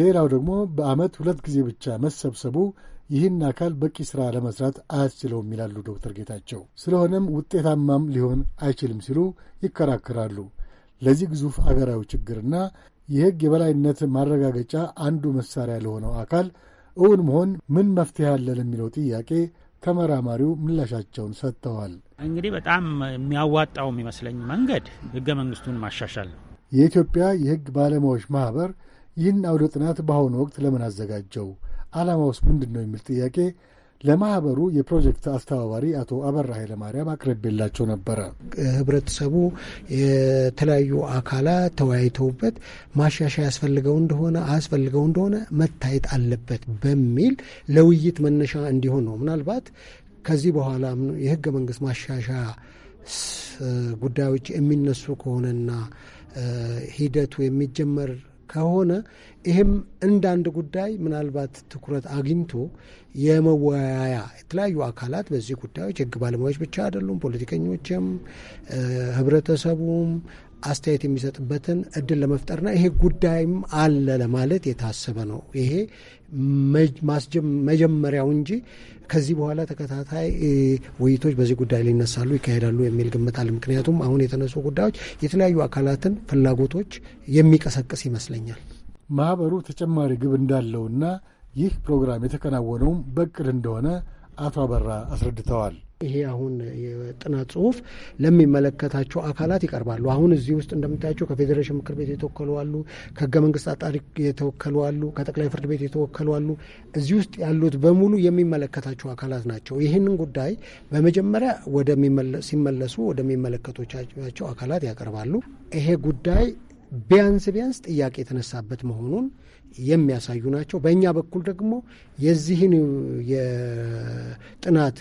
ሌላው ደግሞ በዓመት ሁለት ጊዜ ብቻ መሰብሰቡ ይህን አካል በቂ ሥራ ለመሥራት አያስችለውም ይላሉ ዶክተር ጌታቸው። ስለሆነም ውጤታማም ሊሆን አይችልም ሲሉ ይከራከራሉ። ለዚህ ግዙፍ አገራዊ ችግርና የሕግ የበላይነት ማረጋገጫ አንዱ መሣሪያ ለሆነው አካል እውን መሆን ምን መፍትሄ አለ ለሚለው ጥያቄ ተመራማሪው ምላሻቸውን ሰጥተዋል።
እንግዲህ በጣም የሚያዋጣው የሚመስለኝ መንገድ ሕገ መንግሥቱን ማሻሻል ነው።
የኢትዮጵያ የሕግ ባለሙያዎች ማኅበር ይህን አውደ ጥናት በአሁኑ ወቅት ለምን አዘጋጀው? ዓላማውስ ምንድን ነው? የሚል ጥያቄ ለማህበሩ የፕሮጀክት አስተባባሪ አቶ አበራ ኃይለማርያም አቅርቤላቸው ነበረ።
ህብረተሰቡ የተለያዩ አካላት ተወያይተውበት ማሻሻያ ያስፈልገው እንደሆነ አያስፈልገው እንደሆነ መታየት አለበት በሚል ለውይይት መነሻ እንዲሆን ነው። ምናልባት ከዚህ በኋላ የህገ መንግስት ማሻሻያ ጉዳዮች የሚነሱ ከሆነና ሂደቱ የሚጀመር ከሆነ ይህም እንዳንድ ጉዳይ ምናልባት ትኩረት አግኝቶ የመወያያ የተለያዩ አካላት በዚህ ጉዳዮች ህግ ባለሙያዎች ብቻ አይደሉም፣ ፖለቲከኞችም ህብረተሰቡም አስተያየት የሚሰጥበትን እድል ለመፍጠርና ይሄ ጉዳይም አለ ለማለት የታሰበ ነው። ይሄ መጀመሪያው እንጂ ከዚህ በኋላ ተከታታይ ውይይቶች በዚህ ጉዳይ ላይ ይነሳሉ፣ ይካሄዳሉ የሚል ግምት አለ። ምክንያቱም አሁን የተነሱ ጉዳዮች የተለያዩ አካላትን ፍላጎቶች የሚቀሰቅስ ይመስለኛል። ማህበሩ ተጨማሪ ግብ እንዳለውና ይህ ፕሮግራም የተከናወነውም በእቅድ እንደሆነ አቶ አበራ አስረድተዋል። ይሄ አሁን የጥናት ጽሁፍ ለሚመለከታቸው አካላት ይቀርባሉ። አሁን እዚህ ውስጥ እንደምታያቸው ከፌዴሬሽን ምክር ቤት የተወከሉ አሉ፣ ከህገ መንግስት አጣሪ የተወከሉ አሉ፣ ከጠቅላይ ፍርድ ቤት የተወከሉ አሉ። እዚህ ውስጥ ያሉት በሙሉ የሚመለከታቸው አካላት ናቸው። ይህንን ጉዳይ በመጀመሪያ ሲመለሱ ወደሚመለከቶቻቸው አካላት ያቀርባሉ። ይሄ ጉዳይ ቢያንስ ቢያንስ ጥያቄ የተነሳበት መሆኑን የሚያሳዩ ናቸው። በእኛ በኩል ደግሞ የዚህን የጥናት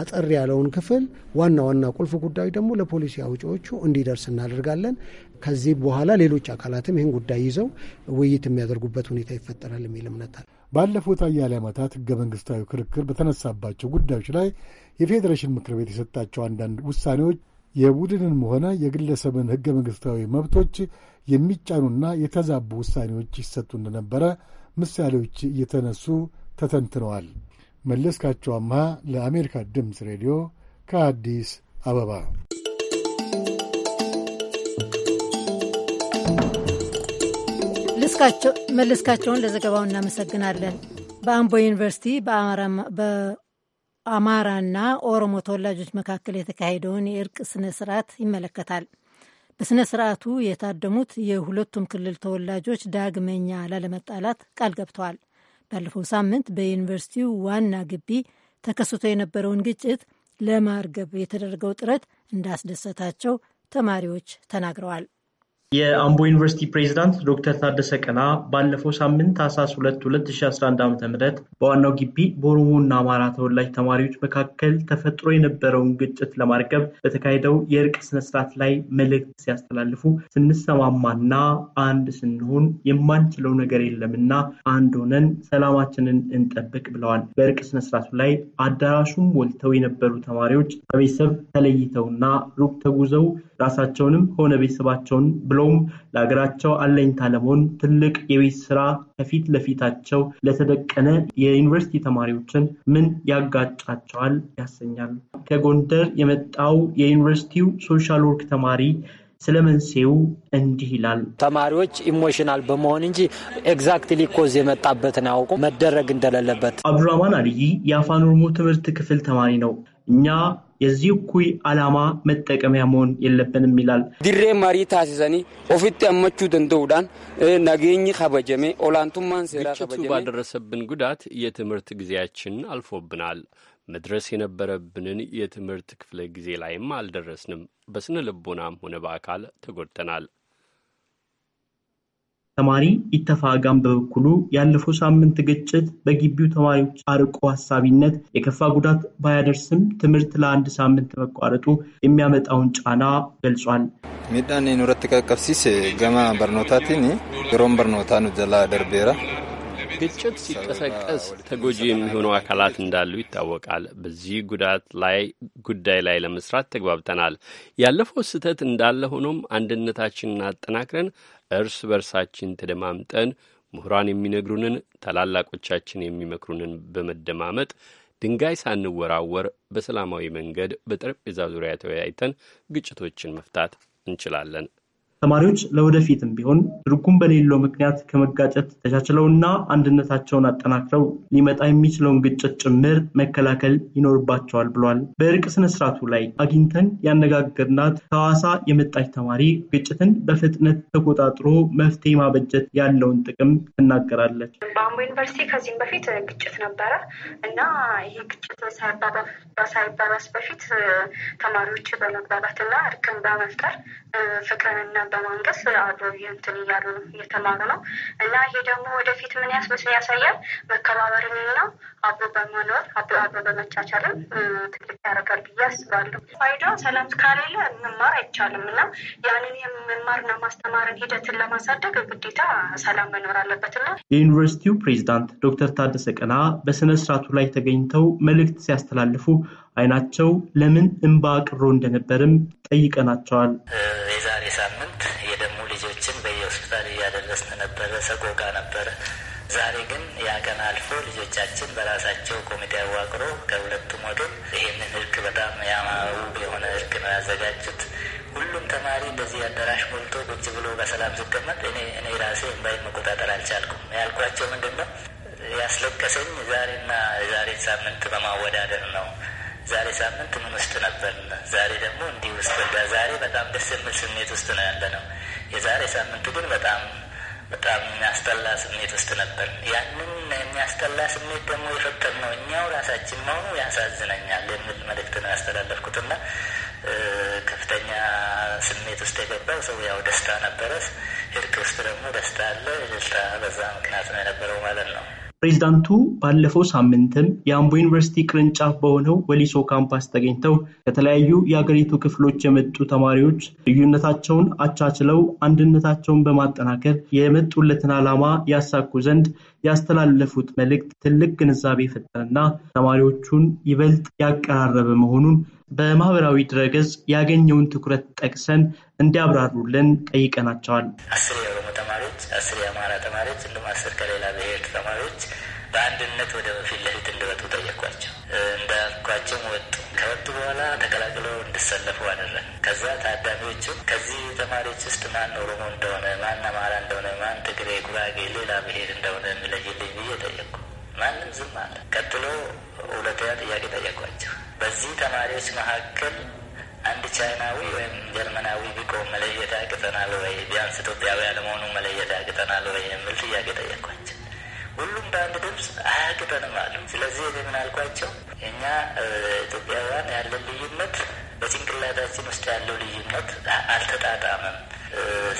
አጠር ያለውን ክፍል ዋና ዋና ቁልፍ ጉዳዮች ደግሞ ለፖሊሲ አውጪዎቹ እንዲደርስ እናደርጋለን። ከዚህ በኋላ ሌሎች አካላትም ይህን ጉዳይ ይዘው ውይይት የሚያደርጉበት ሁኔታ ይፈጠራል የሚል እምነት አለ። ባለፉት አያሌ ዓመታት ህገ መንግስታዊ
ክርክር በተነሳባቸው ጉዳዮች ላይ የፌዴሬሽን ምክር ቤት የሰጣቸው አንዳንድ ውሳኔዎች የቡድንም ሆነ የግለሰብን ሕገ መንግሥታዊ መብቶች የሚጫኑና የተዛቡ ውሳኔዎች ይሰጡ እንደነበረ ምሳሌዎች እየተነሱ ተተንትነዋል። መለስካቸው አምሃ ለአሜሪካ ድምፅ ሬዲዮ ከአዲስ አበባ።
መለስካቸውን ለዘገባው እናመሰግናለን። በአምቦ ዩኒቨርሲቲ አማራና ኦሮሞ ተወላጆች መካከል የተካሄደውን የእርቅ ስነ ስርዓት ይመለከታል። በስነ ስርዓቱ የታደሙት የሁለቱም ክልል ተወላጆች ዳግመኛ ላለመጣላት ቃል ገብተዋል። ባለፈው ሳምንት በዩኒቨርሲቲው ዋና ግቢ ተከስቶ የነበረውን ግጭት ለማርገብ የተደረገው ጥረት እንዳስደሰታቸው ተማሪዎች ተናግረዋል።
የአምቦ ዩኒቨርሲቲ ፕሬዝዳንት ዶክተር ታደሰ ቀና ባለፈው ሳምንት ታኅሳስ ሁለት ሁለት ሺ አስራ በዋናው ግቢ በኦሮሞና አማራ ተወላጅ ተማሪዎች መካከል ተፈጥሮ የነበረውን ግጭት ለማርገብ በተካሄደው የእርቅ ስነስርዓት ላይ መልእክት ሲያስተላልፉ ስንሰማማና አንድ ስንሆን የማንችለው ነገር የለምና አንድ ሆነን ሰላማችንን እንጠብቅ ብለዋል። በእርቅ ስነስርዓቱ ላይ አዳራሹም ሞልተው የነበሩ ተማሪዎች ከቤተሰብ ተለይተውና ሩቅ ተጉዘው ራሳቸውንም ሆነ ቤተሰባቸውን ብሎም ለሀገራቸው አለኝታ ለመሆን ትልቅ የቤት ስራ ከፊት ለፊታቸው ለተደቀነ የዩኒቨርሲቲ ተማሪዎችን ምን ያጋጫቸዋል ያሰኛል። ከጎንደር የመጣው የዩኒቨርሲቲው ሶሻል ወርክ ተማሪ ስለ መንስኤው እንዲህ ይላል። ተማሪዎች ኢሞሽናል
በመሆን እንጂ ኤግዛክትሊ ኮዝ የመጣበትን አያውቁ መደረግ እንደሌለበት። አብዱራማን አልይ
የአፋን ኦሮሞ ትምህርት ክፍል ተማሪ ነው። እኛ የዚህ እኩይ ዓላማ መጠቀሚያ መሆን የለብንም ይላል።
ድሬ መሪ ታሲሰኒ ኦፊት አመቹ ደንደውዳን ናገኝ ከበጀሜ ኦላንቱማን ሴራ ግጭቱ
ባደረሰብን ጉዳት የትምህርት ጊዜያችን አልፎብናል። መድረስ የነበረብንን የትምህርት ክፍለ ጊዜ ላይም አልደረስንም። በስነ ልቦናም ሆነ በአካል ተጎድተናል።
ተማሪ ኢተፋጋም በበኩሉ ያለፈው ሳምንት ግጭት በግቢው ተማሪዎች አርቆ ሀሳቢነት የከፋ ጉዳት ባያደርስም ትምህርት ለአንድ ሳምንት መቋረጡ የሚያመጣውን ጫና ገልጿል።
ሚዳን ኑረት ቀብሲስ ገማ በርኖታቲን
ግሮም በርኖታ ዘላ ደርቤራ
ግጭት ሲቀሰቀስ ተጎጂ የሚሆኑ አካላት እንዳሉ ይታወቃል። በዚህ ጉዳት ላይ ጉዳይ ላይ ለመስራት ተግባብተናል። ያለፈው ስህተት እንዳለ ሆኖም አንድነታችንን አጠናክረን እርስ በርሳችን ተደማምጠን ምሁራን የሚነግሩንን ታላላቆቻችን የሚመክሩንን በመደማመጥ ድንጋይ ሳንወራወር በሰላማዊ መንገድ በጠረጴዛ ዙሪያ ተወያይተን ግጭቶችን መፍታት እንችላለን።
ተማሪዎች ለወደፊትም ቢሆን ትርጉም በሌለው ምክንያት ከመጋጨት ተቻችለውና አንድነታቸውን አጠናክረው ሊመጣ የሚችለውን ግጭት ጭምር መከላከል ይኖርባቸዋል ብሏል። በእርቅ ስነስርዓቱ ላይ አግኝተን ያነጋገርናት ከሐዋሳ የመጣች ተማሪ ግጭትን በፍጥነት ተቆጣጥሮ መፍትሄ ማበጀት ያለውን ጥቅም ትናገራለች። በአምቦ ዩኒቨርሲቲ ከዚህም በፊት ግጭት ነበረ እና ይህ ግጭት ሳይባባስ በፊት ተማሪዎች በመግባባትና
እርቅን በመፍጠር ፍቅርንና በማንገስ አብሮ እንትን እያሉ ነው እየተማሩ
ነው። እና ይሄ ደግሞ ወደፊት ምን ያስመስል ያሳያል። መከባበርንና አብሮ በመኖር አብሮ በመቻቻልን ትልቅ ያደርጋል ብዬ አስባለሁ። ፋይዳ ሰላም ከሌለ
መማር አይቻልም እና ያንን የመማርና ማስተማርን ሂደትን ለማሳደግ ግዴታ
ሰላም መኖር አለበትና
የዩኒቨርሲቲው ፕሬዚዳንት ዶክተር ታደሰ ቀና በስነ ስርዓቱ ላይ ተገኝተው መልእክት ሲያስተላልፉ አይናቸው ለምን እንባ ቅሮ እንደነበርም ጠይቀናቸዋል።
የዛሬ ሳምንት የደሙ ልጆችን በየሆስፒታል እያደረስን ነበረ፣ ሰቆቃ ነበረ። ዛሬ ግን ያ ቀን አልፎ ልጆቻችን በራሳቸው ኮሚቴ አዋቅሮ ከሁለቱም ወገን ይህንን እርቅ በጣም ያማሩ የሆነ እርቅ ነው ያዘጋጁት። ሁሉም ተማሪ እንደዚህ አዳራሽ ሞልቶ ቁጭ ብሎ በሰላም ሲቀመጥ እኔ እኔ ራሴ እንባይ መቆጣጠር አልቻልኩም። ያልኳቸው ምንድን ነው ያስለቀሰኝ ዛሬና ዛሬ ሳምንት በማወዳደር ነው ዛሬ ሳምንት ምን ውስጥ ነበር፣ ዛሬ ደግሞ እንዲህ ውስጥ ዛሬ በጣም ደስ የሚል ስሜት ውስጥ ነው ያለ ነው። የዛሬ ሳምንቱ ግን በጣም በጣም የሚያስጠላ ስሜት ውስጥ ነበር። ያንን የሚያስጠላ ስሜት ደግሞ ነው እኛው ራሳችን መሆኑ ያሳዝነኛል የሚል መልእክት ነው ያስተላለፍኩትና ከፍተኛ ስሜት ውስጥ የገባው ሰው ያው ደስታ ነበረ። እርቅ ውስጥ ደግሞ ደስታ አለ፣ ደስታ በዛ ምክንያት ነው የነበረው ማለት ነው።
ፕሬዝዳንቱ ባለፈው ሳምንትም የአምቦ ዩኒቨርሲቲ ቅርንጫፍ በሆነው ወሊሶ ካምፓስ ተገኝተው ከተለያዩ የአገሪቱ ክፍሎች የመጡ ተማሪዎች ልዩነታቸውን አቻችለው አንድነታቸውን በማጠናከር የመጡለትን ዓላማ ያሳኩ ዘንድ ያስተላለፉት መልእክት ትልቅ ግንዛቤ የፈጠረና ተማሪዎቹን ይበልጥ ያቀራረበ መሆኑን በማህበራዊ ድረገጽ ያገኘውን ትኩረት ጠቅሰን እንዲያብራሩልን ጠይቀናቸዋል። አስር የኦሮሞ
ተማሪዎች፣ አስር የአማራ ተማሪዎች እንዲሁም አስር አባላት ወደ ፊት ለፊት እንዲወጡ ጠየኳቸው። እንዳልኳቸውም ወጡ። ከወጡ በኋላ ተቀላቅለው እንዲሰለፉ አደረግ። ከዛ ታዳሚዎቹም ከዚህ ተማሪዎች ውስጥ ማን ኦሮሞ እንደሆነ፣ ማን አማራ እንደሆነ፣ ማን ትግሬ፣ ጉራጌ፣ ሌላ ብሄር እንደሆነ የሚለይልኝ ብዬ ጠየቅኩ። ማንም ዝም አለ። ቀጥሎ ሁለተኛ ጥያቄ ጠየቋቸው። በዚህ ተማሪዎች መካከል አንድ ቻይናዊ ወይም ጀርመናዊ ቢቆም መለየት ያቅተናል ወይ? ቢያንስ ኢትዮጵያዊ ያለመሆኑ መለየት ያቅተናል ወይ? የሚል ጥያቄ ጠየቋቸው። ሁሉም በአንድ ድምፅ አያግጠንም አሉ። ስለዚህ የምን አልኳቸው እኛ ኢትዮጵያውያን ያለን ልዩነት በጭንቅላታችን ውስጥ ያለው ልዩነት አልተጣጣመም።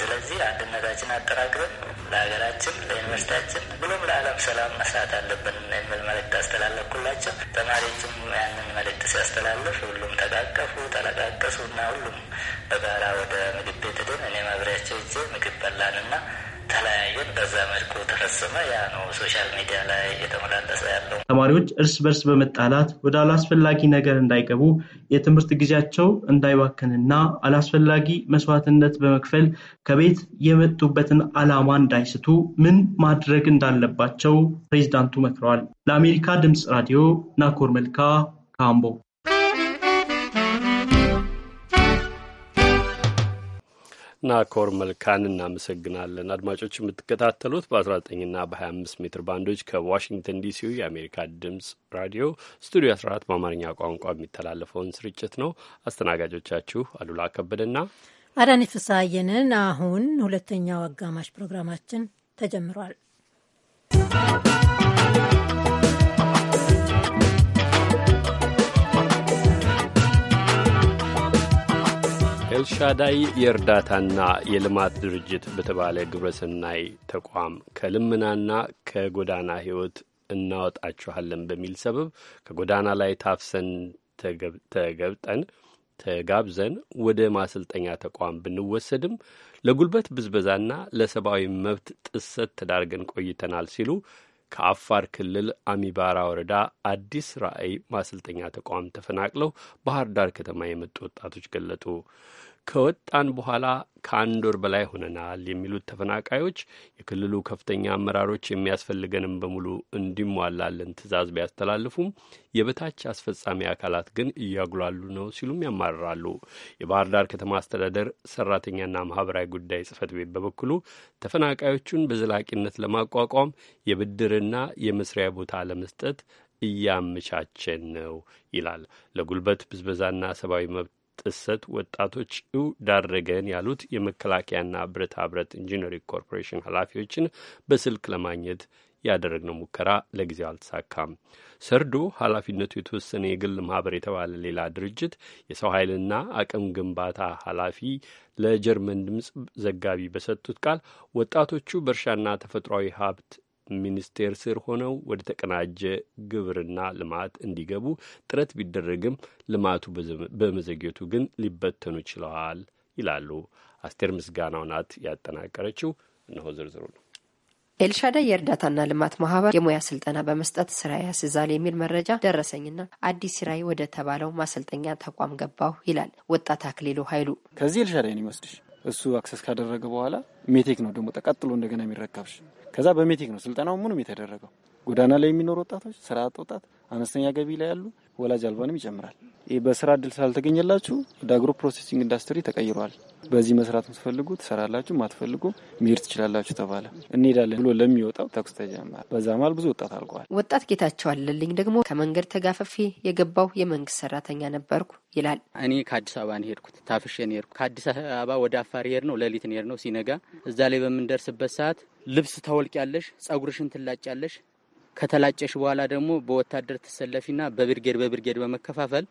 ስለዚህ አንድነታችን አጠራግበን ለሀገራችን፣ ለዩኒቨርስቲያችን ብሎም ለዓለም ሰላም መስራት አለብን የሚል መልእክት አስተላለፍኩላቸው። ተማሪዎችም ያንን መልእክት ሲያስተላልፍ ሁሉም ተቃቀፉ፣ ተለቃቀሱ እና ሁሉም በጋራ ወደ ምግብ ቤት ድን እኔ አብሬያቸው ይዤ ምግብ በላንና ተለያዩን በዛ መልኩ ተፈጸመ። ያ ነው ሶሻል ሚዲያ ላይ እየተመላለሰ ያለው። ተማሪዎች
እርስ በርስ በመጣላት ወደ አላስፈላጊ ነገር እንዳይገቡ የትምህርት ጊዜያቸው እንዳይባክንና አላስፈላጊ መስዋዕትነት በመክፈል ከቤት የመጡበትን ዓላማ እንዳይስቱ ምን ማድረግ እንዳለባቸው ፕሬዚዳንቱ መክረዋል። ለአሜሪካ ድምፅ ራዲዮ ናኮር መልካ ካምቦ
ናኮር መልካን እናመሰግናለን። አድማጮች የምትከታተሉት በ19ና በ25 ሜትር ባንዶች ከዋሽንግተን ዲሲው የአሜሪካ ድምጽ ራዲዮ ስቱዲዮ 14 በአማርኛ ቋንቋ የሚተላለፈውን ስርጭት ነው። አስተናጋጆቻችሁ አሉላ ከበደና
አዳኒ ፍስሐየንን። አሁን ሁለተኛው አጋማሽ ፕሮግራማችን ተጀምሯል።
ኤልሻዳይ የእርዳታና የልማት ድርጅት በተባለ ግብረሰናይ ተቋም ከልመናና ከጎዳና ሕይወት እናወጣችኋለን በሚል ሰበብ ከጎዳና ላይ ታፍሰን ተገብጠን ተጋብዘን ወደ ማሰልጠኛ ተቋም ብንወሰድም ለጉልበት ብዝበዛና ለሰብአዊ መብት ጥሰት ተዳርገን ቆይተናል ሲሉ ከአፋር ክልል አሚባራ ወረዳ አዲስ ራዕይ ማሰልጠኛ ተቋም ተፈናቅለው ባህር ዳር ከተማ የመጡ ወጣቶች ገለጡ። ከወጣን በኋላ ከአንድ ወር በላይ ሆነናል የሚሉት ተፈናቃዮች የክልሉ ከፍተኛ አመራሮች የሚያስፈልገንም በሙሉ እንዲሟላለን ትዕዛዝ ቢያስተላልፉም የበታች አስፈጻሚ አካላት ግን እያጉላሉ ነው ሲሉም ያማርራሉ። የባህር ዳር ከተማ አስተዳደር ሰራተኛና ማህበራዊ ጉዳይ ጽህፈት ቤት በበኩሉ ተፈናቃዮቹን በዘላቂነት ለማቋቋም የብድርና የመስሪያ ቦታ ለመስጠት እያመቻቸን ነው ይላል። ለጉልበት ብዝበዛና ሰብአዊ መብት ጥሰት ወጣቶች እው ዳረገን ያሉት የመከላከያና ብረታ ብረት ኢንጂነሪንግ ኮርፖሬሽን ኃላፊዎችን በስልክ ለማግኘት ያደረግነው ሙከራ ለጊዜው አልተሳካም። ሰርዶ ኃላፊነቱ የተወሰነ የግል ማህበር የተባለ ሌላ ድርጅት የሰው ኃይልና አቅም ግንባታ ኃላፊ ለጀርመን ድምፅ ዘጋቢ በሰጡት ቃል ወጣቶቹ በእርሻና ተፈጥሯዊ ሀብት ሚኒስቴር ስር ሆነው ወደ ተቀናጀ ግብርና ልማት እንዲገቡ ጥረት ቢደረግም ልማቱ በመዘግየቱ ግን ሊበተኑ ችለዋል ይላሉ። አስቴር ምስጋናው ናት ያጠናቀረችው። እነሆ ዝርዝሩ ነው።
ኤልሻዳይ የእርዳታና ልማት ማህበር የሙያ ስልጠና በመስጠት ስራ ያስዛል የሚል መረጃ ደረሰኝና አዲስ ሲራይ ወደ ተባለው ማሰልጠኛ ተቋም ገባሁ ይላል ወጣት አክሊሉ ኃይሉ።
ከዚህ ኤልሻዳይ ነው ይመስልሽ እሱ አክሰስ ካደረገ በኋላ ሜቴክ ነው ደግሞ ተቀጥሎ እንደገና የሚረከብሽ። ከዛ በሜቴክ ነው ስልጠናው ምኑም የተደረገው። ጎዳና ላይ የሚኖሩ ወጣቶች፣ ስራ አጥ ወጣት፣ አነስተኛ ገቢ ላይ ያሉ ወላጅ አልባንም ይጨምራል። ይህ በስራ እድል ስላልተገኘላችሁ ወደ አግሮ ፕሮሴሲንግ ኢንዱስትሪ ተቀይሯል። በዚህ መስራት የምትፈልጉ ትሰራላችሁ፣ ማትፈልጉ መሄድ ትችላላችሁ ተባለ።
እንሄዳለን ብሎ ለሚወጣው ተኩስ ተጀመረ። በዛ መሃል ብዙ ወጣት አልቀዋል።
ወጣት ጌታቸው አለልኝ ደግሞ ከመንገድ ተጋፈፌ የገባው የመንግስት ሰራተኛ ነበርኩ
ይላል። እኔ ከአዲስ አበባ ነው የሄድኩት፣ ታፍሼ ነው የሄድኩት። ከአዲስ አበባ ወደ አፋር ሄድ ነው፣ ሌሊት ሄድ ነው። ሲነጋ እዛ ላይ በምንደርስበት ሰዓት ልብስ ተወልቅ ያለሽ፣ ጸጉርሽን ትላጭ ያለሽ ከተላጨሽ በኋላ ደግሞ በወታደር ተሰለፊና በብርጌድ በብርጌድ በመከፋፈል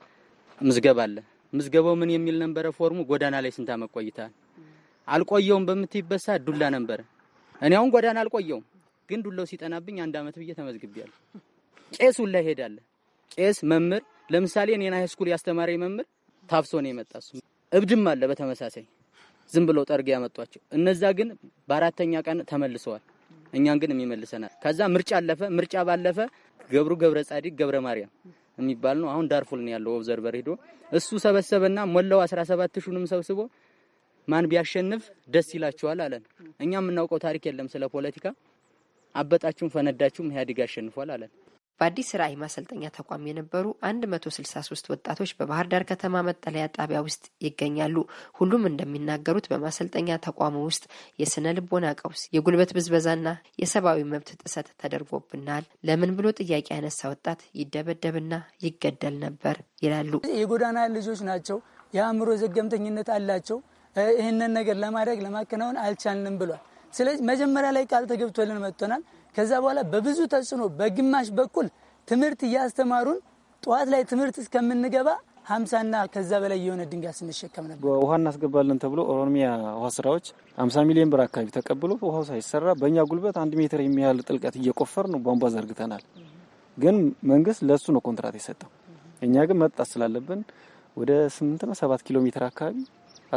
ምዝገባ አለ። ምዝገባው ምን የሚል ነበረ? ፎርሙ ጎዳና ላይ ስንት መቆይታ? ቆይታል? አልቆየውም በምትይበሳ ዱላ ነበረ። እኔ አሁን ጎዳና አልቆየውም፣ ግን ዱላው ሲጠናብኝ አንድ ዓመት ብዬ ተመዝግቤያለሁ። ቄስ ሁላ ይሄዳል። ቄስ መምህር፣ ለምሳሌ እኔን ሃይስኩል ያስተማረ መምህር ታፍሶ ነው የመጣ እሱ። እብድም አለ በተመሳሳይ ዝም ብለው ጠርገ ያመጧቸው። እነዛ ግን በአራተኛ ቀን ተመልሰዋል። እኛን ግን የሚመልሰናል። ከዛ ምርጫ አለፈ። ምርጫ ባለፈ ገብሩ ገብረ ጻዲቅ ገብረ ማርያም የሚባል ነው። አሁን ዳርፉል ነው ያለው ኦብዘርቨር ሄዶ እሱ ሰበሰበና ሞላው 17 ሹንም ሰብስቦ ማን ቢያሸንፍ ደስ ይላችኋል አለን። እኛ የምናውቀው ታሪክ የለም ስለ ፖለቲካ።
አበጣችሁም ፈነዳችሁም ኢህአዴግ አሸንፏል አለን። በአዲስ ራዕይ ማሰልጠኛ ተቋም የነበሩ 163 ወጣቶች በባህር ዳር ከተማ መጠለያ ጣቢያ ውስጥ ይገኛሉ። ሁሉም እንደሚናገሩት በማሰልጠኛ ተቋሙ ውስጥ የስነ ልቦና ቀውስ፣ የጉልበት ብዝበዛና የሰብአዊ መብት ጥሰት ተደርጎብናል። ለምን ብሎ ጥያቄ ያነሳ ወጣት ይደበደብና ይገደል ነበር ይላሉ።
የጎዳና ልጆች ናቸው፣ የአእምሮ ዘገምተኝነት አላቸው። ይህንን ነገር ለማድረግ ለማከናወን አልቻልንም ብሏል። ስለዚህ መጀመሪያ ላይ ቃል ተገብቶልን መጥቶናል። ከዛ በኋላ በብዙ ተጽዕኖ በግማሽ በኩል ትምህርት እያስተማሩን ጠዋት ላይ ትምህርት እስከምንገባ ሀምሳና ከዛ በላይ የሆነ ድንጋይ ስንሸከም ነበር።
ውሃ እናስገባለን ተብሎ ኦሮሚያ ውሃ ስራዎች ሀምሳ ሚሊዮን ብር አካባቢ ተቀብሎ ውሃው ሳይሰራ በእኛ ጉልበት አንድ ሜትር የሚያህል ጥልቀት እየቆፈር ነው ቧንቧ ዘርግተናል። ግን መንግስት ለእሱ ነው ኮንትራት የሰጠው። እኛ ግን መጣት ስላለብን ወደ ስምንትና ሰባት ኪሎ ሜትር አካባቢ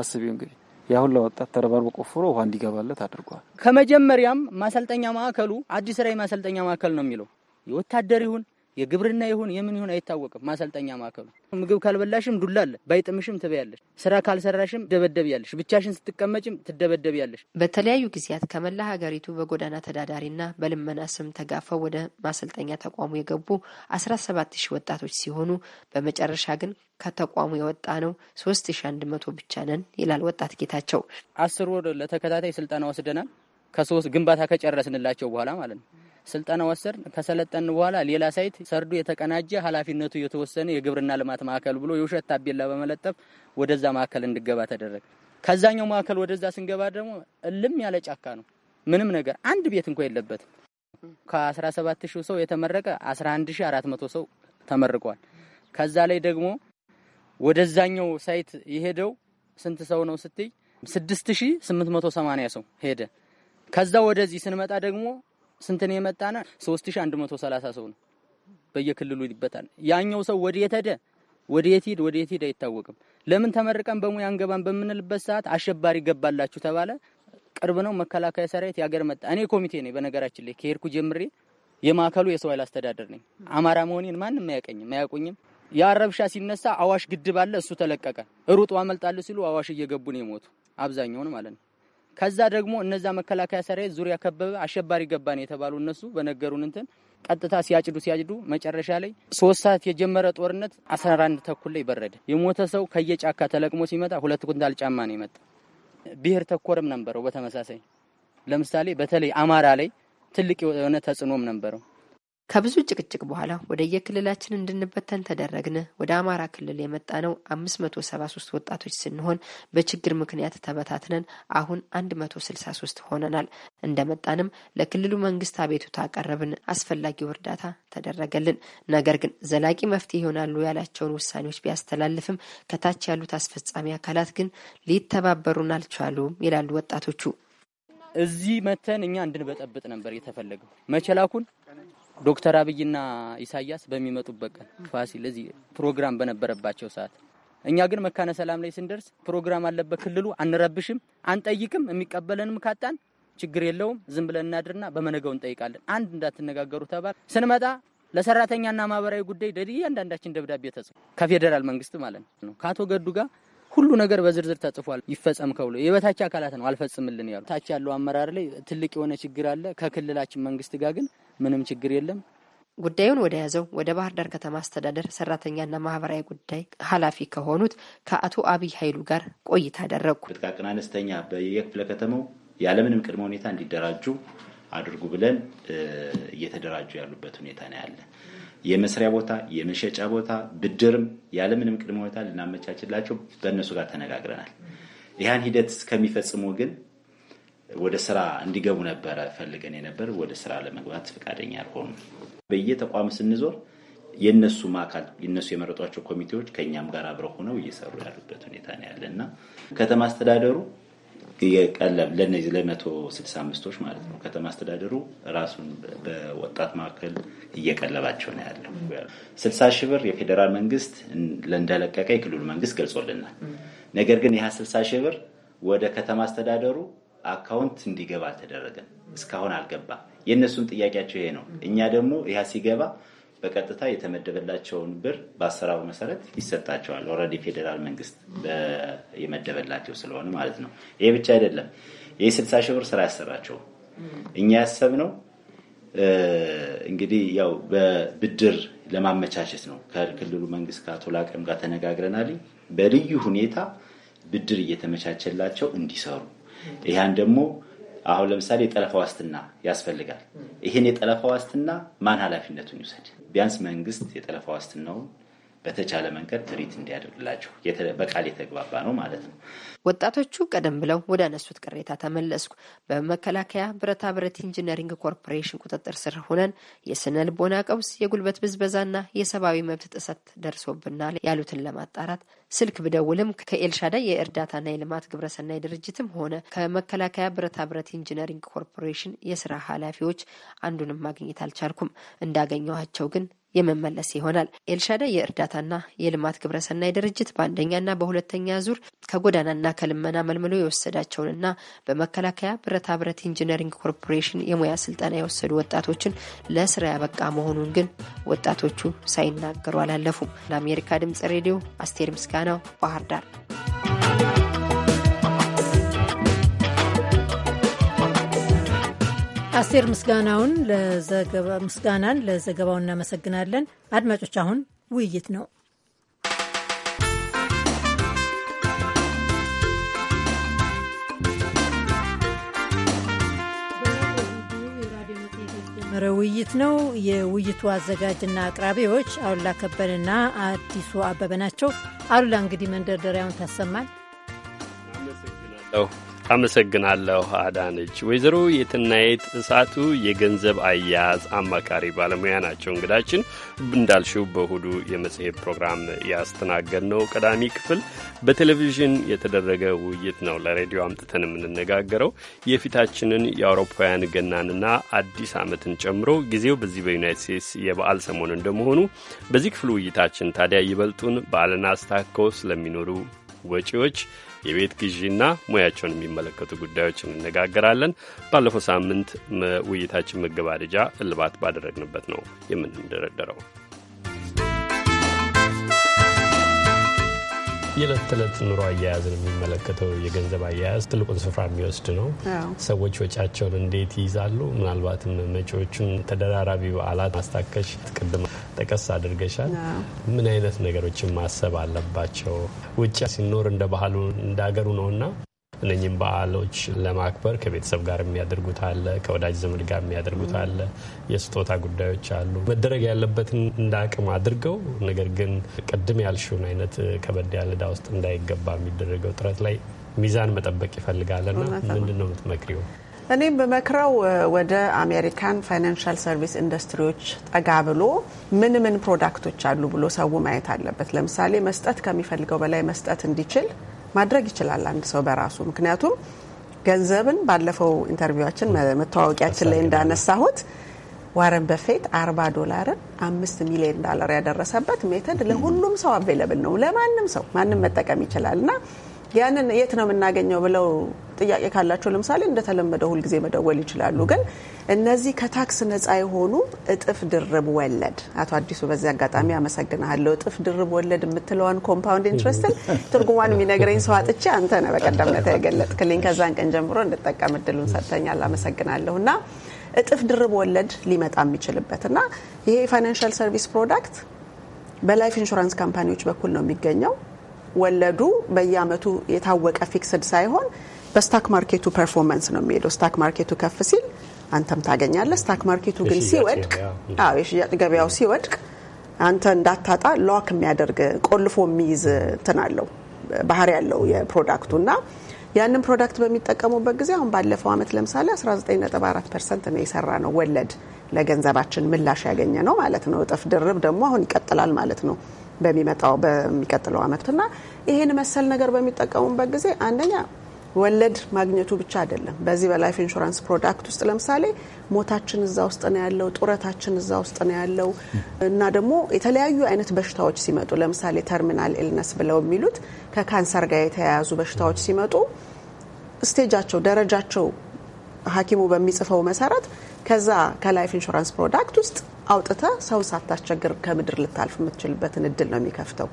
አስቢው እንግዲህ ያሁላ ወጣት ተረባርቦ ቆፍሮ ውሃ እንዲገባለት አድርጓል።
ከመጀመሪያም ማሰልጠኛ ማዕከሉ አዲስ ራዕይ ማሰልጠኛ ማዕከል ነው የሚለው የወታደር ይሁን የግብርና ይሁን የምን ይሁን አይታወቅም። ማሰልጠኛ ማዕከሉ ምግብ ካልበላሽም ዱላ አለ፣ ባይጥምሽም ትበያለሽ፣ ስራ ካልሰራሽም ትደበደብያለሽ፣ ብቻሽን ስትቀመጭም ትደበደብያለሽ።
በተለያዩ ጊዜያት ከመላ ሀገሪቱ በጎዳና ተዳዳሪና በልመና ስም ተጋፈው ወደ ማሰልጠኛ ተቋሙ የገቡ አስራ ሰባት ሺህ ወጣቶች ሲሆኑ በመጨረሻ ግን ከተቋሙ የወጣ ነው ሶስት ሺ አንድ መቶ ብቻ ነን ይላል ወጣት ጌታቸው። አስር ወር ለተከታታይ ስልጠና ወስደናል ከሶስት ግንባታ
ከጨረስንላቸው በኋላ ማለት ነው ስልጠና ወሰድ። ከሰለጠን በኋላ ሌላ ሳይት ሰርዶ የተቀናጀ ኃላፊነቱ የተወሰነ የግብርና ልማት ማዕከል ብሎ የውሸት ታቤላ በመለጠፍ ወደዛ ማዕከል እንድገባ ተደረገ። ከዛኛው ማዕከል ወደዛ ስንገባ ደግሞ እልም ያለ ጫካ ነው። ምንም ነገር አንድ ቤት እንኳ የለበትም። ከ17 ሺህ ሰው የተመረቀ 11400 ሰው ተመርቋል። ከዛ ላይ ደግሞ ወደዛኛው ሳይት የሄደው ስንት ሰው ነው ስትይ 6880 ሰው ሄደ። ከዛ ወደዚህ ስንመጣ ደግሞ ስንት ነው የመጣና 3130 ሰው ነው በየክልሉ ይበታል። ያኛው ሰው ወዴት ሄደ ወዴት ሂድ ወዴት ሂድ አይታወቅም። ለምን ተመርቀን በሙያ አንገባን በምንልበት ሰዓት አሸባሪ ገባላችሁ ተባለ። ቅርብ ነው መከላከያ ሰራዊት ያገር መጣ። እኔ ኮሚቴ ነኝ። በነገራችን ላይ ከሄድኩ ጀምሬ የማዕከሉ የሰው ኃይል አስተዳደር ነኝ። አማራ መሆኔን ማንም አያቀኝም አያቆኝም። ያ ሲነሳ አዋሽ ግድብ አለ፣ እሱ ተለቀቀ። ሩጡ አመልጣለሁ ሲሉ አዋሽ እየገቡ ነው የሞቱ አብዛኛውን ማለት ነው። ከዛ ደግሞ እነዛ መከላከያ ሰራዊት ዙሪያ ከበበ፣ አሸባሪ ገባን የተባሉ እነሱ በነገሩን እንትን ቀጥታ ሲያጭዱ ሲያጭዱ መጨረሻ ላይ ሶስት ሰዓት የጀመረ ጦርነት አስራ አንድ ተኩል ላይ በረደ። የሞተ ሰው ከየጫካ ተለቅሞ ሲመጣ ሁለት ኩንታል ጫማ ነው የመጣ። ብሔር ተኮርም ነበረው በተመሳሳይ ለምሳሌ በተለይ አማራ
ላይ ትልቅ የሆነ ተጽዕኖም ነበረው። ከብዙ ጭቅጭቅ በኋላ ወደ የክልላችን እንድንበተን ተደረግን። ወደ አማራ ክልል የመጣ ነው አምስት ወጣቶች ስንሆን በችግር ምክንያት ተበታትነን አሁን አንድ መቶ ስልሳ ሶስት ሆነናል። እንደመጣንም ለክልሉ መንግስት አቤቱታ አቀረብን። አስፈላጊው እርዳታ ተደረገልን። ነገር ግን ዘላቂ መፍትሄ ይሆናሉ ያላቸውን ውሳኔዎች ቢያስተላልፍም ከታች ያሉት አስፈጻሚ አካላት ግን ሊተባበሩን አልቻሉም ይላሉ ወጣቶቹ።
እዚህ መተን እኛ እንድንበጠብጥ ነበር የተፈለገው መቸላኩን ዶክተር አብይና ኢሳያስ በሚመጡበት ቀን ፋሲል እዚህ ፕሮግራም በነበረባቸው ሰዓት እኛ ግን መካነ ሰላም ላይ ስንደርስ ፕሮግራም አለበት ክልሉ፣ አንረብሽም፣ አንጠይቅም፣ የሚቀበለንም ካጣን ችግር የለውም ዝም ብለን እናድርና በመነገው እንጠይቃለን፣ አንድ እንዳትነጋገሩ ተባል። ስንመጣ ለሰራተኛና ማህበራዊ ጉዳይ እያንዳንዳችን ደብዳቤ ተጽፎ ከፌዴራል መንግስት ማለት ነው ከአቶ ገዱ ጋር ሁሉ ነገር በዝርዝር ተጽፏል። ይፈጸም ከብሎ የበታች አካላት ነው አልፈጽምልን ያሉ ታች ያለው አመራር ላይ ትልቅ የሆነ ችግር አለ። ከክልላችን መንግስት ጋር ግን ምንም ችግር የለም።
ጉዳዩን ወደ ያዘው ወደ ባህር ዳር ከተማ አስተዳደር ሰራተኛና ማህበራዊ ጉዳይ ኃላፊ ከሆኑት ከአቶ አብይ ኃይሉ ጋር ቆይታ አደረግኩ።
ጥቃቅን አነስተኛ በየክፍለ ከተማው ያለምንም ቅድመ ሁኔታ እንዲደራጁ አድርጉ ብለን እየተደራጁ ያሉበት ሁኔታ ነው ያለ። የመስሪያ ቦታ፣ የመሸጫ ቦታ፣ ብድርም ያለምንም ቅድመ ሁኔታ ልናመቻችላቸው በእነሱ ጋር ተነጋግረናል። ይህን ሂደት እስከሚፈጽሙ ግን ወደ ስራ እንዲገቡ ነበረ ፈልገን የነበር ወደ ስራ ለመግባት ፈቃደኛ ያልሆኑ በየተቋም ስንዞር የእነሱም አካል የእነሱ የመረጧቸው ኮሚቴዎች ከእኛም ጋር አብረው ሆነው እየሰሩ ያሉበት ሁኔታ ነው ያለ እና ከተማ አስተዳደሩ የቀለም ለነዚህ ለመቶ ስልሳ አምስቶች ማለት ነው። ከተማ አስተዳደሩ ራሱን በወጣት ማዕከል እየቀለባቸው ነው ያለው። ስልሳ ሺህ ብር የፌዴራል መንግስት እንደለቀቀ የክልሉ መንግስት ገልጾልናል። ነገር ግን ይህ ስልሳ ሺህ ብር ወደ ከተማ አስተዳደሩ አካውንት እንዲገባ አልተደረገም እስካሁን አልገባ የእነሱን ጥያቄያቸው ይሄ ነው። እኛ ደግሞ ያ ሲገባ በቀጥታ የተመደበላቸውን ብር በአሰራሩ መሰረት ይሰጣቸዋል። ኦልሬዲ ፌዴራል መንግስት የመደበላቸው ስለሆነ ማለት ነው። ይሄ ብቻ አይደለም። ይህ ስልሳ ሺህ ብር ስራ ያሰራቸው እኛ ያሰብነው እንግዲህ ያው በብድር ለማመቻቸት ነው። ከክልሉ መንግስት ከአቶ ላቀም ጋር ተነጋግረናል። በልዩ ሁኔታ ብድር እየተመቻቸላቸው እንዲሰሩ ይህን ደግሞ አሁን ለምሳሌ የጠለፋ ዋስትና ያስፈልጋል። ይህን የጠለፋ ዋስትና ማን ኃላፊነቱን ይውሰድ? ቢያንስ መንግስት የጠለፋ ዋስትናውን በተቻለ መንገድ ትሪት እንዲያደርግላቸው በቃል የተግባባ ነው ማለት ነው።
ወጣቶቹ ቀደም ብለው ወደ አነሱት ቅሬታ ተመለስኩ። በመከላከያ ብረታ ብረት ኢንጂነሪንግ ኮርፖሬሽን ቁጥጥር ስር ሆነን የስነ ልቦና ቀውስ፣ የጉልበት ብዝበዛና የሰብአዊ መብት ጥሰት ደርሶብናል ያሉትን ለማጣራት ስልክ ብደውልም ከኤልሻዳይ የእርዳታና የልማት ግብረሰናይ ድርጅትም ሆነ ከመከላከያ ብረታ ብረት ኢንጂነሪንግ ኮርፖሬሽን የስራ ኃላፊዎች አንዱንም ማግኘት አልቻልኩም። እንዳገኘኋቸው ግን የመመለስ ይሆናል። ኤልሻዳ የእርዳታና የልማት ግብረሰናይ ድርጅት በአንደኛና በሁለተኛ ዙር ከጎዳናና ከልመና መልምሎ የወሰዳቸውንና በመከላከያ ብረታ ብረት ኢንጂነሪንግ ኮርፖሬሽን የሙያ ስልጠና የወሰዱ ወጣቶችን ለስራ ያበቃ መሆኑን ግን ወጣቶቹ ሳይናገሩ አላለፉም። ለአሜሪካ ድምጽ ሬዲዮ አስቴር ምስጋናው ባህር ዳር
አስቴር ምስጋናውን ምስጋናን ለዘገባው እናመሰግናለን። አድማጮች፣ አሁን ውይይት ነው። የተጀመረ ውይይት ነው። የውይይቱ አዘጋጅና አቅራቢዎች አሉላ ከበንና አዲሱ አበበ ናቸው። አሉላ እንግዲህ መንደርደሪያውን ታሰማል።
አመሰግናለሁ። አመሰግናለሁ አዳነች። ወይዘሮ የትናየት እሳቱ የገንዘብ አያያዝ አማካሪ ባለሙያ ናቸው። እንግዳችን እንዳልሽው በእሁዱ የመጽሔት ፕሮግራም ነው ቀዳሚ ክፍል በቴሌቪዥን የተደረገ ውይይት ነው። ለሬዲዮ አምጥተን የምንነጋገረው የፊታችንን የአውሮፓውያን ገናንና አዲስ ዓመትን ጨምሮ ጊዜው በዚህ በዩናይት ስቴትስ የበዓል ሰሞን እንደመሆኑ በዚህ ክፍል ውይይታችን ታዲያ ይበልጡን በዓልን አስታከው ስለሚኖሩ ወጪዎች የቤት ግዢና ሙያቸውን የሚመለከቱ ጉዳዮች እንነጋገራለን። ባለፈው ሳምንት ውይይታችን መገባደጃ እልባት ባደረግንበት ነው የምንደረደረው። የዕለት ተዕለት ኑሮ አያያዝን የሚመለከተው የገንዘብ አያያዝ ትልቁን ስፍራ የሚወስድ ነው። ሰዎች ወጪያቸውን እንዴት ይይዛሉ? ምናልባትም መጪዎቹን ተደራራቢ በዓላት ማስታከሽ ቅድም ጠቀስ አድርገሻል። ምን አይነት ነገሮችን ማሰብ አለባቸው? ውጭ ሲኖር እንደ ባህሉ እንደ ሀገሩ ነውና እነኝም በዓሎች ለማክበር ከቤተሰብ ጋር የሚያደርጉት አለ፣ ከወዳጅ ዘመድ ጋር የሚያደርጉት አለ፣ የስጦታ ጉዳዮች አሉ። መደረግ ያለበትን እንደ አቅም አድርገው ነገር ግን ቅድም ያልሽውን አይነት ከበድ ያለ ውስጥ እንዳይገባ የሚደረገው ጥረት ላይ ሚዛን መጠበቅ ይፈልጋልና ምንድን ነው የምትመክሪው?
እኔም በመክረው ወደ አሜሪካን ፋይናንሻል ሰርቪስ ኢንዱስትሪዎች ጠጋ ብሎ ምን ምን ፕሮዳክቶች አሉ ብሎ ሰው ማየት አለበት። ለምሳሌ መስጠት ከሚፈልገው በላይ መስጠት እንዲችል ማድረግ ይችላል አንድ ሰው በራሱ ምክንያቱም ገንዘብን ባለፈው ኢንተርቪዋችን መተዋወቂያችን ላይ እንዳነሳሁት ዋረን በፌት አርባ ዶላርን አምስት ሚሊዮን ዳላር ያደረሰበት ሜተድ ለሁሉም ሰው አቬለብል ነው። ለማንም ሰው ማንም መጠቀም ይችላል እና ያንን የት ነው የምናገኘው ብለው ጥያቄ ካላቸው ለምሳሌ እንደተለመደው ሁልጊዜ መደወል ይችላሉ። ግን እነዚህ ከታክስ ነጻ የሆኑ እጥፍ ድርብ ወለድ አቶ አዲሱ በዚህ አጋጣሚ አመሰግናለሁ። እጥፍ ድርብ ወለድ የምትለዋን ኮምፓውንድ ኢንትረስትን ትርጉሟን የሚነግረኝ ሰው አጥቼ አንተ ነህ በቀደምነት የገለጥክልኝ። ከዛን ቀን ጀምሮ እንድጠቀም እድሉን ሰጥተኛል። አመሰግናለሁ እና እጥፍ ድርብ ወለድ ሊመጣ የሚችልበት እና ይሄ የፋይናንሻል ሰርቪስ ፕሮዳክት በላይፍ ኢንሹራንስ ካምፓኒዎች በኩል ነው የሚገኘው ወለዱ በየአመቱ የታወቀ ፊክስድ ሳይሆን በስታክ ማርኬቱ ፐርፎርማንስ ነው የሚሄደው። ስታክ ማርኬቱ ከፍ ሲል አንተም ታገኛለህ። ስታክ ማርኬቱ ግን ሲወድቅ፣ የሽያጭ ገበያው ሲወድቅ አንተ እንዳታጣ ሎክ የሚያደርግ ቆልፎ የሚይዝ እንትን አለው ባህሪ ያለው የፕሮዳክቱ እና ያንን ፕሮዳክት በሚጠቀሙበት ጊዜ አሁን ባለፈው አመት ለምሳሌ 19.4 ፐርሰንት ነው የሰራ ነው ወለድ ለገንዘባችን ምላሽ ያገኘ ነው ማለት ነው። እጥፍ ድርብ ደግሞ አሁን ይቀጥላል ማለት ነው። በሚመጣው በሚቀጥለው አመትና ይሄን መሰል ነገር በሚጠቀሙበት ጊዜ አንደኛ ወለድ ማግኘቱ ብቻ አይደለም። በዚህ በላይፍ ኢንሹራንስ ፕሮዳክት ውስጥ ለምሳሌ ሞታችን እዛ ውስጥ ነው ያለው፣ ጡረታችን እዛ ውስጥ ነው ያለው እና ደግሞ የተለያዩ አይነት በሽታዎች ሲመጡ ለምሳሌ ተርሚናል ኢልነስ ብለው የሚሉት ከካንሰር ጋር የተያያዙ በሽታዎች ሲመጡ ስቴጃቸው፣ ደረጃቸው ሐኪሙ በሚጽፈው መሰረት ከዛ ከላይፍ ኢንሹራንስ ፕሮዳክት ውስጥ አውጥተ ሰው ሳታስቸግር ከምድር ልታልፍ የምትችልበትን እድል ነው የሚከፍተው።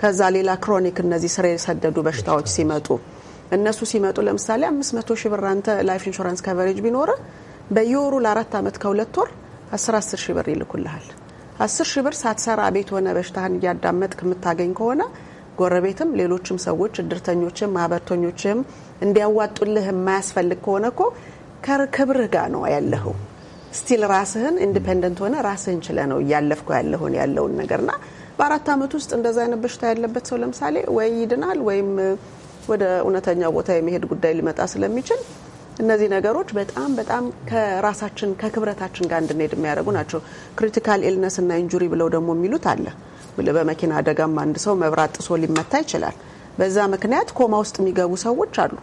ከዛ ሌላ ክሮኒክ እነዚህ ስር የሰደዱ በሽታዎች ሲመጡ እነሱ ሲመጡ ለምሳሌ አምስት መቶ ሺህ ብር አንተ ላይፍ ኢንሹራንስ ከቨሬጅ ቢኖር በየወሩ ለአራት ዓመት ከሁለት ወር አስር አስር ሺህ ብር ይልኩልሃል። አስር ሺህ ብር ሳትሰራ ቤት ሆነ በሽታህን እያዳመጥክ የምታገኝ ከሆነ ጎረቤትም ሌሎችም ሰዎች እድርተኞችም ማህበርተኞችም እንዲያዋጡልህ የማያስፈልግ ከሆነ እኮ ከክብርህ ጋር ነው ያለኸው። ስቲል ራስህን ኢንዲፔንደንት ሆነ ራስህን ችለ ነው እያለፍኩ ያለሆን ያለውን ና በአራት ዓመት ውስጥ እንደዛ አይነት በሽታ ያለበት ሰው ለምሳሌ ወይ ይድናል ወይም ወደ እውነተኛው ቦታ የመሄድ ጉዳይ ሊመጣ ስለሚችል እነዚህ ነገሮች በጣም በጣም ከራሳችን ከክብረታችን ጋር እንድንሄድ የሚያደርጉ ናቸው። ክሪቲካል ኢልነስ እና ኢንጁሪ ብለው ደግሞ የሚሉት አለ። በመኪና አደጋም አንድ ሰው መብራት ጥሶ ሊመታ ይችላል። በዛ ምክንያት ኮማ ውስጥ የሚገቡ ሰዎች አሉ።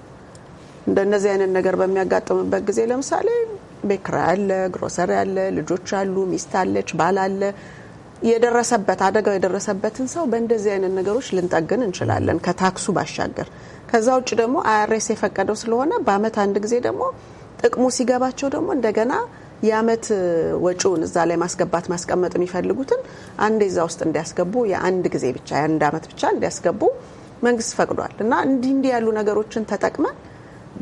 እንደነዚህ አይነት ነገር በሚያጋጥምበት ጊዜ ለምሳሌ ቤክራ አለ፣ ግሮሰሪ አለ፣ ልጆች አሉ፣ ሚስት አለች፣ ባል አለ። የደረሰበት አደጋው የደረሰበትን ሰው በእንደዚህ አይነት ነገሮች ልንጠግን እንችላለን ከታክሱ ባሻገር። ከዛ ውጭ ደግሞ አይአርኤስ የፈቀደው ስለሆነ በአመት አንድ ጊዜ ደግሞ ጥቅሙ ሲገባቸው ደግሞ እንደገና የአመት ወጪውን እዛ ላይ ማስገባት ማስቀመጥ የሚፈልጉትን አንድ ዛ ውስጥ እንዲያስገቡ የአንድ ጊዜ ብቻ የአንድ አመት ብቻ እንዲያስገቡ መንግስት ፈቅዷል እና እንዲህ እንዲህ ያሉ ነገሮችን ተጠቅመን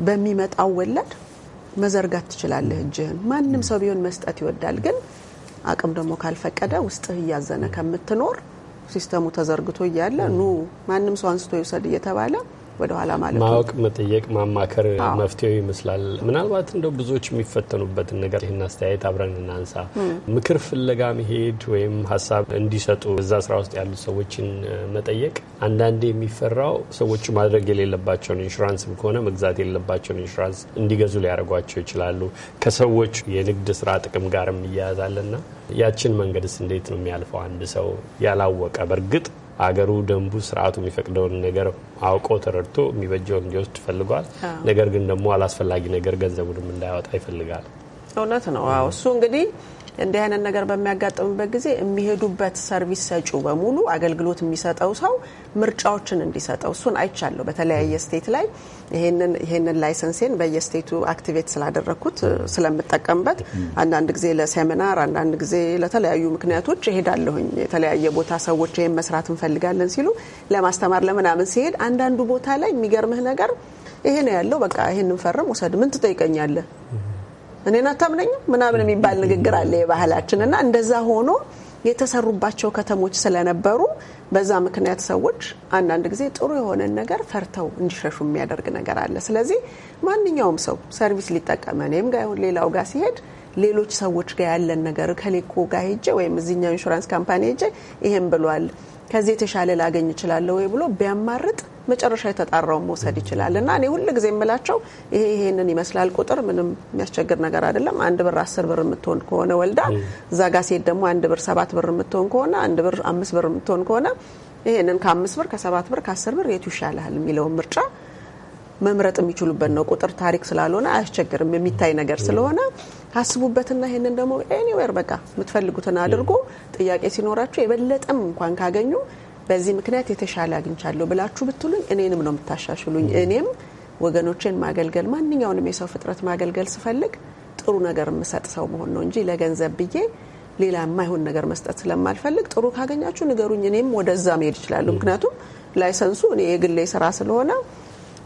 በሚመጣው ወለድ መዘርጋት ትችላለህ እጅህን። ማንም ሰው ቢሆን መስጠት ይወዳል፣ ግን አቅም ደግሞ ካልፈቀደ ውስጥህ እያዘነ ከምትኖር ሲስተሙ ተዘርግቶ እያለ ኑ ማንም ሰው አንስቶ ይውሰድ እየተባለ ወደኋላ ማለት ነው። ማወቅ፣
መጠየቅ፣ ማማከር መፍትሄው ይመስላል። ምናልባት እንደው ብዙዎች የሚፈተኑበትን ነገር ይህን አስተያየት አብረን እናንሳ። ምክር ፍለጋ መሄድ ወይም ሀሳብ እንዲሰጡ እዛ ስራ ውስጥ ያሉት ሰዎችን መጠየቅ አንዳንዴ የሚፈራው ሰዎቹ ማድረግ የሌለባቸውን ኢንሹራንስም ከሆነ መግዛት የሌለባቸውን ኢንሹራንስ እንዲገዙ ሊያደርጓቸው ይችላሉ። ከሰዎች የንግድ ስራ ጥቅም ጋርም እያያዛልና ያችን መንገድስ እንዴት ነው የሚያልፈው? አንድ ሰው ያላወቀ በእርግጥ አገሩ ደንቡ ስርዓቱ የሚፈቅደውን ነገር አውቆ ተረድቶ የሚበጀውን እንዲወስድ ይፈልጓል። ነገር ግን ደግሞ አላስፈላጊ ነገር ገንዘቡንም እንዳያወጣ ይፈልጋል።
እውነት ነው። እሱ እንግዲህ እንዲህ አይነት ነገር በሚያጋጥምበት ጊዜ የሚሄዱበት ሰርቪስ ሰጪው በሙሉ አገልግሎት የሚሰጠው ሰው ምርጫዎችን እንዲሰጠው እሱን አይቻለሁ። በተለያየ ስቴት ላይ ይሄንን ላይሰንሴን በየስቴቱ አክቲቬት ስላደረግኩት ስለምጠቀምበት አንዳንድ ጊዜ ለሴሚናር፣ አንዳንድ ጊዜ ለተለያዩ ምክንያቶች እሄዳለሁኝ። የተለያየ ቦታ ሰዎች ይህን መስራት እንፈልጋለን ሲሉ ለማስተማር ለምናምን ሲሄድ አንዳንዱ ቦታ ላይ የሚገርምህ ነገር ይሄ ነው ያለው። በቃ ይሄን ፈርም ውሰድ፣ ምን ትጠይቀኛለህ? እኔን አታምነኝም ምናምን የሚባል ንግግር አለ የባህላችን እና እንደዛ ሆኖ የተሰሩባቸው ከተሞች ስለነበሩ በዛ ምክንያት ሰዎች አንዳንድ ጊዜ ጥሩ የሆነን ነገር ፈርተው እንዲሸሹ የሚያደርግ ነገር አለ። ስለዚህ ማንኛውም ሰው ሰርቪስ ሊጠቀመ እኔም ጋር ይሁን ሌላው ጋር ሲሄድ ሌሎች ሰዎች ጋር ያለን ነገር ከሌኮ ጋር ሄጄ ወይም እዚኛው ኢንሹራንስ ካምፓኒ ሄጄ ይሄን ብሏል ከዚህ የተሻለ ላገኝ እችላለሁ ወይ ብሎ ቢያማርጥ መጨረሻ የተጣራውን መውሰድ ይችላል። እና እኔ ሁል ጊዜ የምላቸው ይሄ ይሄንን ይመስላል ቁጥር ምንም የሚያስቸግር ነገር አይደለም። አንድ ብር አስር ብር የምትሆን ከሆነ ወልዳ እዛ ጋ ሴት ደግሞ አንድ ብር ሰባት ብር የምትሆን ከሆነ አንድ ብር አምስት ብር የምትሆን ከሆነ ይሄንን ከአምስት ብር ከሰባት ብር ከአስር ብር የቱ ይሻልሃል የሚለውን ምርጫ መምረጥ የሚችሉበት ነው። ቁጥር ታሪክ ስላልሆነ አያስቸግርም። የሚታይ ነገር ስለሆነ ታስቡበትና ይህንን ደግሞ ኤኒዌር በቃ የምትፈልጉትን አድርጎ ጥያቄ ሲኖራችሁ የበለጠም እንኳን ካገኙ በዚህ ምክንያት የተሻለ አግኝቻለሁ ብላችሁ ብትሉኝ እኔንም ነው የምታሻሽሉኝ። እኔም ወገኖችን ማገልገል ማንኛውንም የሰው ፍጥረት ማገልገል ስፈልግ ጥሩ ነገር የምሰጥ ሰው መሆን ነው እንጂ ለገንዘብ ብዬ ሌላ የማይሆን ነገር መስጠት ስለማልፈልግ ጥሩ ካገኛችሁ ንገሩኝ፣ እኔም ወደዛ መሄድ ይችላለሁ። ምክንያቱም ላይሰንሱ እኔ የግሌ ስራ ስለሆነ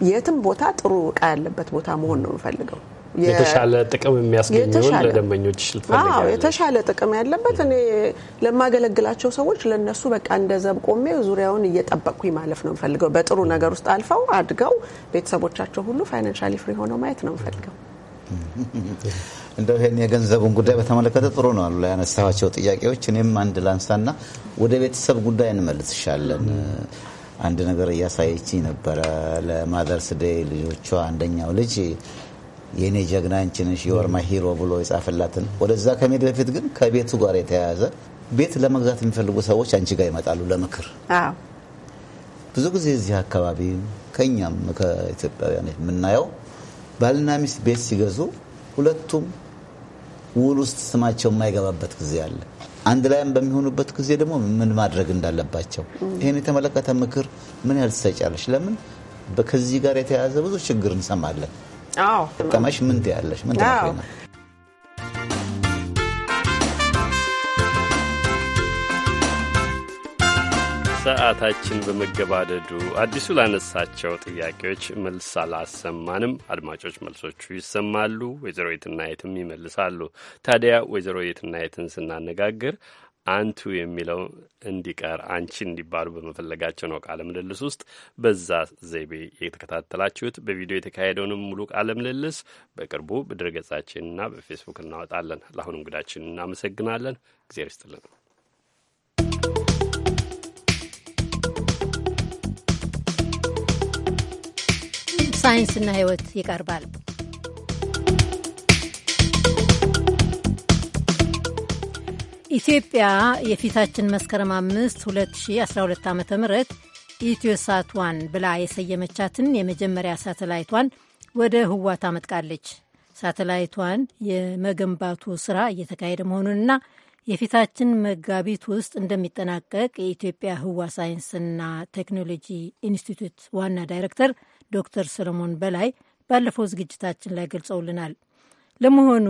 የትም ቦታ ጥሩ እቃ ያለበት ቦታ መሆን ነው የምፈልገው። የተሻለ
ጥቅም የሚያስገኘውን ለደንበኞች ልትፈልጋለህ። የተሻለ
ጥቅም ያለበት እኔ ለማገለግላቸው ሰዎች ለነሱ በቃ እንደ ዘብ ቆሜ ዙሪያውን እየጠበቅኩኝ ማለፍ ነው የምፈልገው። በጥሩ ነገር ውስጥ አልፈው አድገው ቤተሰቦቻቸው ሁሉ ፋይናንሻሊ ፍሪ ሆነው ማየት ነው የምፈልገው።
እንደው ይሄን የገንዘቡን ጉዳይ በተመለከተ ጥሩ ነው አሉ ያነሳኋቸው ጥያቄዎች። እኔም አንድ ላንሳና ወደ ቤተሰብ ጉዳይ እንመልስሻለን። አንድ ነገር እያሳየች ነበረ። ለማዘርስ ዴይ ልጆቿ አንደኛው ልጅ የእኔ ጀግና አንቺ ነሽ የወርማ ሂሮ ብሎ የጻፈላትን ወደዛ ከመሄድ በፊት ግን ከቤቱ ጋር የተያያዘ ቤት ለመግዛት የሚፈልጉ ሰዎች አንቺ ጋር ይመጣሉ ለምክር። ብዙ ጊዜ እዚህ አካባቢ ከኛም ከኢትዮጵያውያን የምናየው ባልና ሚስት ቤት ሲገዙ ሁለቱም ውል ውስጥ ስማቸው የማይገባበት ጊዜ አለ። አንድ ላይም በሚሆኑበት ጊዜ ደግሞ ምን ማድረግ እንዳለባቸው ይህን የተመለከተ ምክር ምን ያህል ትሰጫለሽ? ለምን ከዚህ ጋር የተያያዘ ብዙ ችግር እንሰማለን። ጠቀመሽ ምን ትያለሽ? ምን
ሰዓታችን በመገባደዱ አዲሱ ላነሳቸው ጥያቄዎች መልስ አላሰማንም። አድማጮች መልሶቹ ይሰማሉ፣ ወይዘሮ የትናየትም ይመልሳሉ። ታዲያ ወይዘሮ የትናየትን ስናነጋግር አንቱ የሚለው እንዲቀር አንቺ እንዲባሉ በመፈለጋቸው ነው። ቃለ ምልልስ ውስጥ በዛ ዘይቤ የተከታተላችሁት። በቪዲዮ የተካሄደውንም ሙሉ ቃለ ምልልስ በቅርቡ በድረገጻችንና በፌስቡክ እናወጣለን። ለአሁኑ እንግዳችን እናመሰግናለን። እግዜር ይስጥልን።
ሳይንስና ሕይወት ይቀርባል። ኢትዮጵያ የፊታችን መስከረም አምስት 2012 ዓ ም ኢትዮሳት ዋን ብላ የሰየመቻትን የመጀመሪያ ሳተላይቷን ወደ ህዋ ታመጥቃለች። ሳተላይቷን የመገንባቱ ስራ እየተካሄደ መሆኑንና የፊታችን መጋቢት ውስጥ እንደሚጠናቀቅ የኢትዮጵያ ህዋ ሳይንስና ቴክኖሎጂ ኢንስቲትዩት ዋና ዳይሬክተር ዶክተር ሰለሞን በላይ ባለፈው ዝግጅታችን ላይ ገልጸውልናል። ለመሆኑ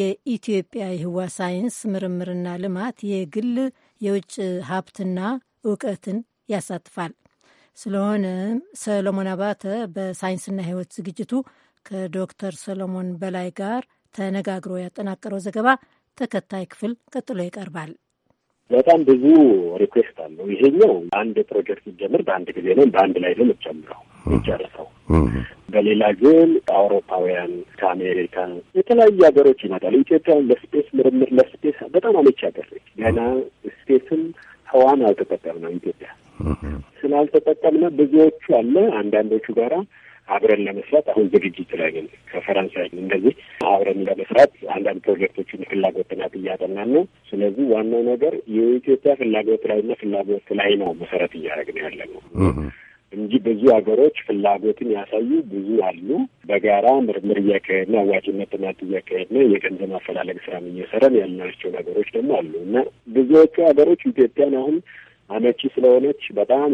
የኢትዮጵያ የህዋ ሳይንስ ምርምርና ልማት የግል የውጭ ሀብትና እውቀትን ያሳትፋል። ስለሆነም ሰለሞን አባተ በሳይንስና ህይወት ዝግጅቱ ከዶክተር ሰለሞን በላይ ጋር ተነጋግሮ ያጠናቀረው ዘገባ ተከታይ ክፍል ቀጥሎ ይቀርባል።
በጣም ብዙ ሪኩዌስት አለው። ይሄኛው አንድ ፕሮጀክት ሲጀምር በአንድ ጊዜ ነው፣ በአንድ ላይ ነው የምትጨምረው የሚጨርሰው። በሌላ ግን አውሮፓውያን ከአሜሪካ የተለያዩ ሀገሮች ይመጣሉ። ኢትዮጵያን ለስፔስ ምርምር ለስፔስ በጣም አመች ሀገር ነች። ገና ስፔስም ህዋን ነው ኢትዮጵያ ስላልተጠቀምነው ብዙዎቹ አለ አንዳንዶቹ ጋራ አብረን ለመስራት አሁን ዝግጅት ላይ ነን። ከፈረንሳይ እንደዚህ አብረን ለመስራት አንዳንድ ፕሮጀክቶችን ፍላጎት ጥናት እያጠናን ነው። ስለዚህ ዋናው ነገር የኢትዮጵያ ፍላጎት ላይ ላይና ፍላጎት ላይ ነው መሰረት እያደረግን ያለ ነው። እንጂ ብዙ ሀገሮች ፍላጎትን ያሳዩ ብዙ አሉ። በጋራ ምርምር እያካሄድን አዋጭነት ጥናት እያካሄድን የገንዘብ ማፈላለግ ስራም እየሰራን ያልናቸው ነገሮች ደግሞ አሉ እና ብዙዎቹ ሀገሮች ኢትዮጵያን አሁን አመቺ ስለሆነች በጣም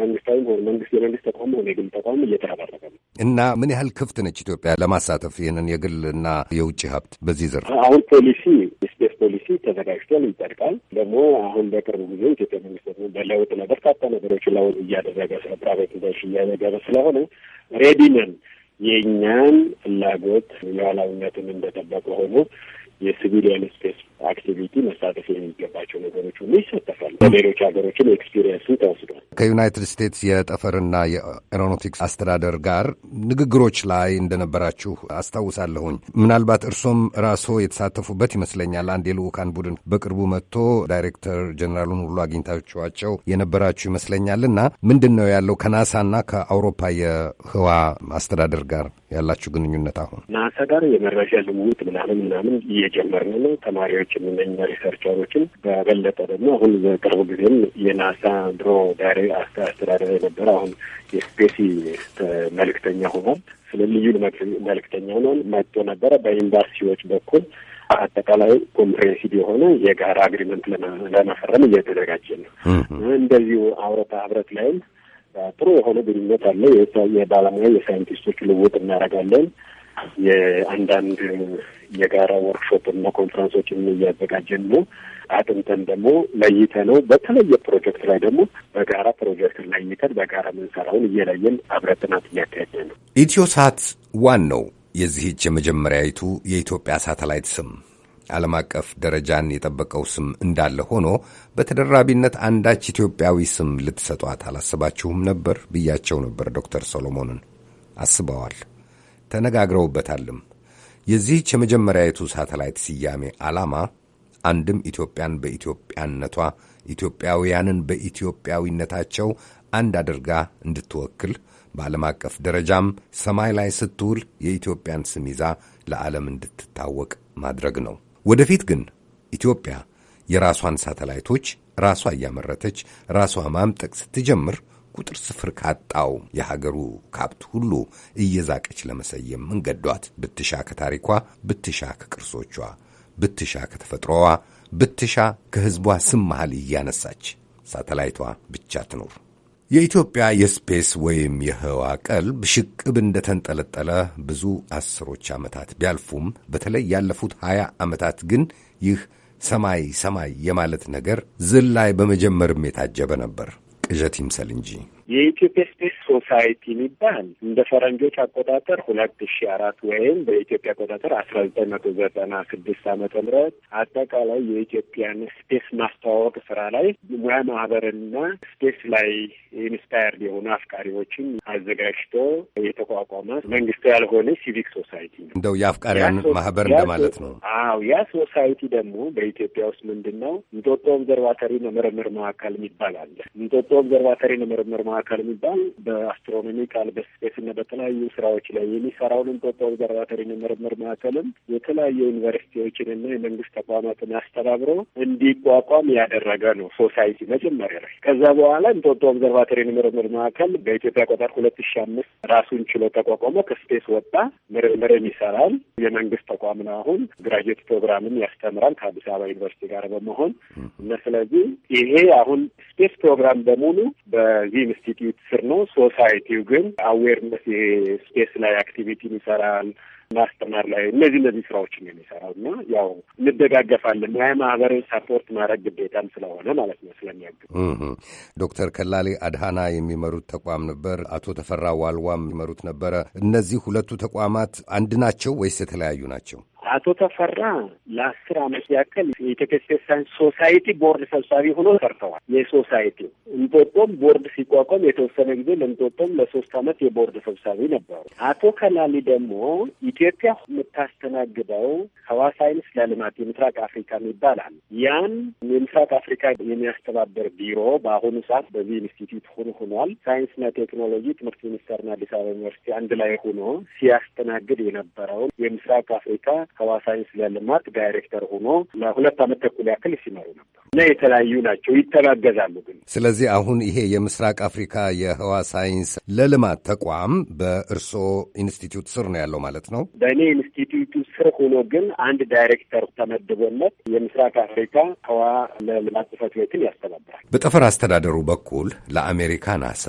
መንግስታዊ ሆነ መንግስት የመንግስት ተቋም ሆነ የግል ተቋም እየተረባረበ ነው
እና
ምን ያህል ክፍት ነች ኢትዮጵያ ለማሳተፍ ይህንን የግል እና የውጭ ሀብት በዚህ ዘርፍ? አሁን
ፖሊሲ ስፔስ ፖሊሲ ተዘጋጅቷል፣ ይጠድቃል። ደግሞ አሁን በቅርቡ ጊዜ ኢትዮጵያ መንግስት ደግሞ በለውጥ ለበርካታ ነገሮች ለውጥ እያደረገ ስለ ፕራይቬታይዜሽን እያደረገ ስለሆነ ሬዲ ነን የእኛን ፍላጎት የኋላዊነትን እንደጠበቀ ሆኖ የሲቪሊያን ስፔስ አክቲቪቲ መሳተፍ የሚገባቸው ነገሮች ሁሉ ይሳተፋል። በሌሎች ሀገሮችም ኤክስፒሪየንሱ ተወስዷል።
ከዩናይትድ ስቴትስ የጠፈርና የኤሮኖቲክስ አስተዳደር ጋር ንግግሮች ላይ እንደነበራችሁ አስታውሳለሁኝ። ምናልባት እርሶም ራስዎ የተሳተፉበት ይመስለኛል። አንድ የልዑካን ቡድን በቅርቡ መጥቶ ዳይሬክተር ጀኔራሉን ሁሉ አግኝታችኋቸው የነበራችሁ ይመስለኛል እና ምንድን ነው ያለው ከናሳና ከአውሮፓ የህዋ አስተዳደር ጋር ያላችሁ ግንኙነት? አሁን
ናሳ ጋር የመረጃ ልውውጥ ምናምን ምናምን እየጀመርን ነው። ተማሪዎችን እነኛ ሪሰርቸሮችን በበለጠ ደግሞ አሁን በቅርቡ ጊዜም የናሳ ድሮ ዳሪ አስተዳደር የነበረ አሁን የስፔሲ መልክተኛ ሆኗል። ስለ ልዩ መልክተኛ ሆኗል መጥቶ ነበረ በኤምባሲዎች በኩል አጠቃላይ ኮምፕሬሄንሲቭ የሆነ የጋራ አግሪመንት ለመፈረም እየተዘጋጀ ነው። እንደዚሁ አውሮፓ ህብረት ላይም ጥሩ የሆነ ግንኙነት አለ። የባለሙያ የሳይንቲስቶች ልውውጥ እናደርጋለን። የአንዳንድ የጋራ ወርክሾፕ እና ኮንፈረንሶችን እያዘጋጀን ነው። አጥንተን ደግሞ ለይተ ነው በተለየ ፕሮጀክት ላይ ደግሞ በጋራ ፕሮጀክት ለይተን በጋራ ምንሰራውን እየለየን አብረን ጥናት እያካሄደ ነው።
ኢትዮሳት ዋን ነው የዚህች የመጀመሪያዊቱ የኢትዮጵያ ሳተላይት ስም። ዓለም አቀፍ ደረጃን የጠበቀው ስም እንዳለ ሆኖ በተደራቢነት አንዳች ኢትዮጵያዊ ስም ልትሰጧት አላስባችሁም ነበር ብያቸው ነበር ዶክተር ሰሎሞንን አስበዋል። ተነጋግረውበታልም። የዚህች የመጀመሪያዊቱ ሳተላይት ስያሜ ዓላማ አንድም ኢትዮጵያን በኢትዮጵያነቷ ኢትዮጵያውያንን በኢትዮጵያዊነታቸው አንድ አድርጋ እንድትወክል በዓለም አቀፍ ደረጃም ሰማይ ላይ ስትውል የኢትዮጵያን ስም ይዛ ለዓለም እንድትታወቅ ማድረግ ነው። ወደፊት ግን ኢትዮጵያ የራሷን ሳተላይቶች ራሷ እያመረተች ራሷ ማምጠቅ ስትጀምር ቁጥር ስፍር ካጣው የሀገሩ ካብት ሁሉ እየዛቀች ለመሰየም እንገዷት። ብትሻ ከታሪኳ፣ ብትሻ ከቅርሶቿ፣ ብትሻ ከተፈጥሮዋ፣ ብትሻ ከሕዝቧ ስም መሃል እያነሳች ሳተላይቷ ብቻ ትኑር። የኢትዮጵያ የስፔስ ወይም የህዋ ቀልብ ሽቅብ እንደተንጠለጠለ ብዙ አስሮች ዓመታት ቢያልፉም በተለይ ያለፉት ሀያ ዓመታት ግን ይህ ሰማይ ሰማይ የማለት ነገር ዝላይ በመጀመርም የታጀበ ነበር። ቅዠት ይምሰል እንጂ
የኢትዮጵያ ስፔስ ሶሳይቲ የሚባል እንደ ፈረንጆች አቆጣጠር ሁለት ሺ አራት ወይም በኢትዮጵያ አቆጣጠር አስራ ዘጠኝ መቶ ዘጠና ስድስት አመተ ምህረት አጠቃላይ የኢትዮጵያን ስፔስ ማስተዋወቅ ስራ ላይ ሙያ ማህበርና ስፔስ ላይ ኢንስፓየርድ የሆኑ አፍቃሪዎችን አዘጋጅቶ የተቋቋመ መንግስት ያልሆነ ሲቪክ ሶሳይቲ ነው።
እንደው የአፍቃሪያን ማህበር እንደማለት ነው።
አዎ ያ ሶሳይቲ ደግሞ በኢትዮጵያ ውስጥ ምንድን ነው እንጦጦ ኦብዘርቫተሪ ምርምር ማዕከል የሚባል አለ። እንጦጦ ኦብዘርቫተሪ ምርምር ማዕከል የሚባል በአስትሮኖሚካል በስፔስ እና በተለያዩ ስራዎች ላይ የሚሰራውን እንጦጦ ኦብዘርቫተሪ ምርምር ማዕከልም የተለያዩ ዩኒቨርሲቲዎችን እና የመንግስት ተቋማትን አስተባብሮ እንዲቋቋም ያደረገ ነው ሶሳይቲ መጀመሪያ ላይ። ከዛ በኋላ እንጦጦ ኦብዘርቫተሪ ምርምር ማዕከል በኢትዮጵያ ቆጠር ሁለት ሺ አምስት ራሱን ችሎ ተቋቋመ። ከስፔስ ወጣ፣ ምርምርም ይሰራል። የመንግስት ተቋም ነው። አሁን ግራጅዌት ፕሮግራምም ያስተምራል ከአዲስ አበባ ዩኒቨርሲቲ ጋር በመሆን እና ስለዚህ ይሄ አሁን ስፔስ ፕሮግራም በሙሉ በዚህ ምስ ኢንስቲትዩት ስር ነው። ሶሳይቲው ግን አዌርነስ ስፔስ ላይ አክቲቪቲን ይሰራል ማስተማር ላይ እነዚህ እነዚህ ስራዎችን ነው የሚሰራው እና ያው እንደጋገፋለን ሙያ ማህበርን ሰፖርት ማድረግ ግዴታም ስለሆነ ማለት ነው ስለሚያግዝ
ዶክተር ከላሌ አድሃና የሚመሩት ተቋም ነበር አቶ ተፈራ ዋልዋም የሚመሩት ነበረ እነዚህ ሁለቱ ተቋማት አንድ ናቸው ወይስ የተለያዩ ናቸው
አቶ ተፈራ ለአስር አመት ያክል የኢትዮጵያ ስፔስ ሳይንስ ሶሳይቲ ቦርድ ሰብሳቢ ሆኖ ሰርተዋል። የሶሳይቲ እንጦጦም ቦርድ ሲቋቋም የተወሰነ ጊዜ ለእንጦጦም ለሶስት አመት የቦርድ ሰብሳቢ ነበሩ። አቶ ከላሊ ደግሞ ኢትዮጵያ የምታስተናግደው ህዋ ሳይንስ ለልማት የምስራቅ አፍሪካ ይባላል። ያን የምስራቅ አፍሪካ የሚያስተባበር ቢሮ በአሁኑ ሰዓት በዚህ ኢንስቲትዩት ሆኖ ሆኗል። ሳይንስና ቴክኖሎጂ ትምህርት ሚኒስቴርና አዲስ አበባ ዩኒቨርሲቲ አንድ ላይ ሆኖ ሲያስተናግድ የነበረውን የምስራቅ አፍሪካ ህዋ ሳይንስ ለልማት ዳይሬክተር ሆኖ ለሁለት ዓመት ተኩል ያክል ሲመሩ ነበር እና የተለያዩ ናቸው፣ ይተጋገዛሉ ግን።
ስለዚህ አሁን ይሄ የምስራቅ አፍሪካ የህዋ ሳይንስ ለልማት ተቋም በእርሶ ኢንስቲትዩት ስር ነው ያለው ማለት ነው።
በእኔ ኢንስቲትዩቱ ስር ሆኖ ግን አንድ ዳይሬክተር ተመድቦለት የምስራቅ አፍሪካ ህዋ ለልማት ጽሕፈት ቤትን ያስተባብራል።
በጠፈር አስተዳደሩ በኩል ለአሜሪካ ናሳ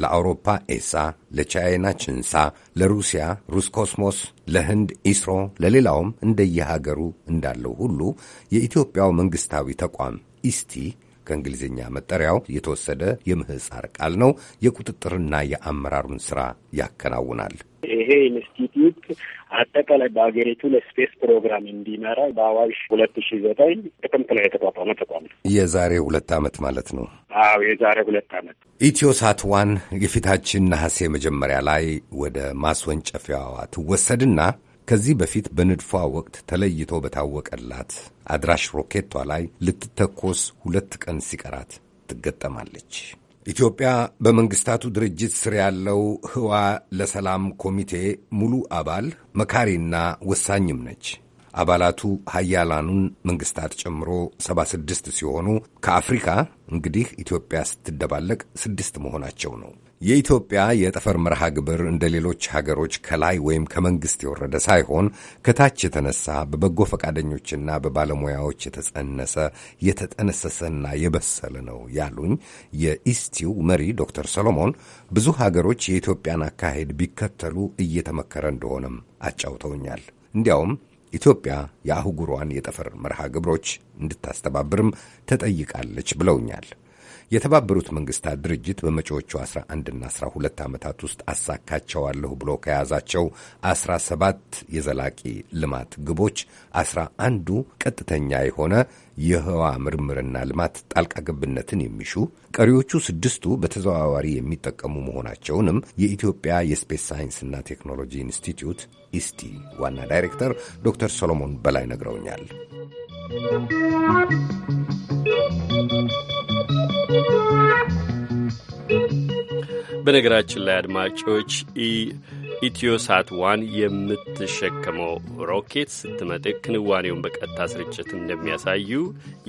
ለአውሮፓ ኤሳ፣ ለቻይና ችንሳ፣ ለሩሲያ ሩስ ኮስሞስ፣ ለህንድ ኢስሮ፣ ለሌላውም እንደየሀገሩ እንዳለው ሁሉ የኢትዮጵያው መንግስታዊ ተቋም ኢስቲ ከእንግሊዝኛ መጠሪያው የተወሰደ የምህፃር ቃል ነው። የቁጥጥርና የአመራሩን ሥራ ያከናውናል።
ይሄ ኢንስቲትዩት አጠቃላይ በሀገሪቱ ለስፔስ ፕሮግራም እንዲመራ በአዋሽ ሁለት ሺ ዘጠኝ ጥቅምት ላይ የተቋቋመ ተቋም ነው።
የዛሬ ሁለት ዓመት ማለት ነው።
አዎ የዛሬ ሁለት ዓመት
ኢትዮሳት ዋን የፊታችን ነሐሴ መጀመሪያ ላይ ወደ ማስወንጨፊያዋ ትወሰድና ከዚህ በፊት በንድፏ ወቅት ተለይቶ በታወቀላት አድራሽ ሮኬቷ ላይ ልትተኮስ ሁለት ቀን ሲቀራት ትገጠማለች። ኢትዮጵያ በመንግስታቱ ድርጅት ስር ያለው ህዋ ለሰላም ኮሚቴ ሙሉ አባል መካሪና ወሳኝም ነች። አባላቱ ሀያላኑን መንግስታት ጨምሮ 76 ሲሆኑ ከአፍሪካ እንግዲህ ኢትዮጵያ ስትደባለቅ ስድስት መሆናቸው ነው። የኢትዮጵያ የጠፈር መርሃ ግብር እንደ ሌሎች ሀገሮች ከላይ ወይም ከመንግሥት የወረደ ሳይሆን ከታች የተነሳ በበጎ ፈቃደኞችና በባለሙያዎች የተጸነሰ የተጠነሰሰና የበሰለ ነው ያሉኝ የኢስቲው መሪ ዶክተር ሰሎሞን ብዙ ሀገሮች የኢትዮጵያን አካሄድ ቢከተሉ እየተመከረ እንደሆነም አጫውተውኛል። እንዲያውም ኢትዮጵያ የአህጉሯን የጠፈር መርሃ ግብሮች እንድታስተባብርም ተጠይቃለች ብለውኛል። የተባበሩት መንግስታት ድርጅት በመጪዎቹ 11ና 12 ዓመታት ውስጥ አሳካቸዋለሁ ብሎ ከያዛቸው 17 የዘላቂ ልማት ግቦች 11ዱ ቀጥተኛ የሆነ የህዋ ምርምርና ልማት ጣልቃ ገብነትን የሚሹ ቀሪዎቹ ስድስቱ በተዘዋዋሪ የሚጠቀሙ መሆናቸውንም የኢትዮጵያ የስፔስ ሳይንስና ቴክኖሎጂ ኢንስቲትዩት ኢስቲ ዋና ዳይሬክተር ዶክተር ሶሎሞን በላይ ነግረውኛል።
በነገራችን ላይ አድማጮች ኢትዮሳት ዋን የምትሸከመው ሮኬት ስትመጥቅ ክንዋኔውን በቀጥታ ስርጭት እንደሚያሳዩ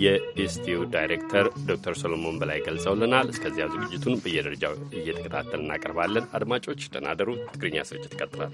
የኢስቲዩ ዳይሬክተር ዶክተር ሰሎሞን በላይ ገልጸውልናል። እስከዚያ ዝግጅቱን በየደረጃው እየተከታተል እናቀርባለን። አድማጮች ደናደሩ። ትግርኛ ስርጭት ይቀጥላል።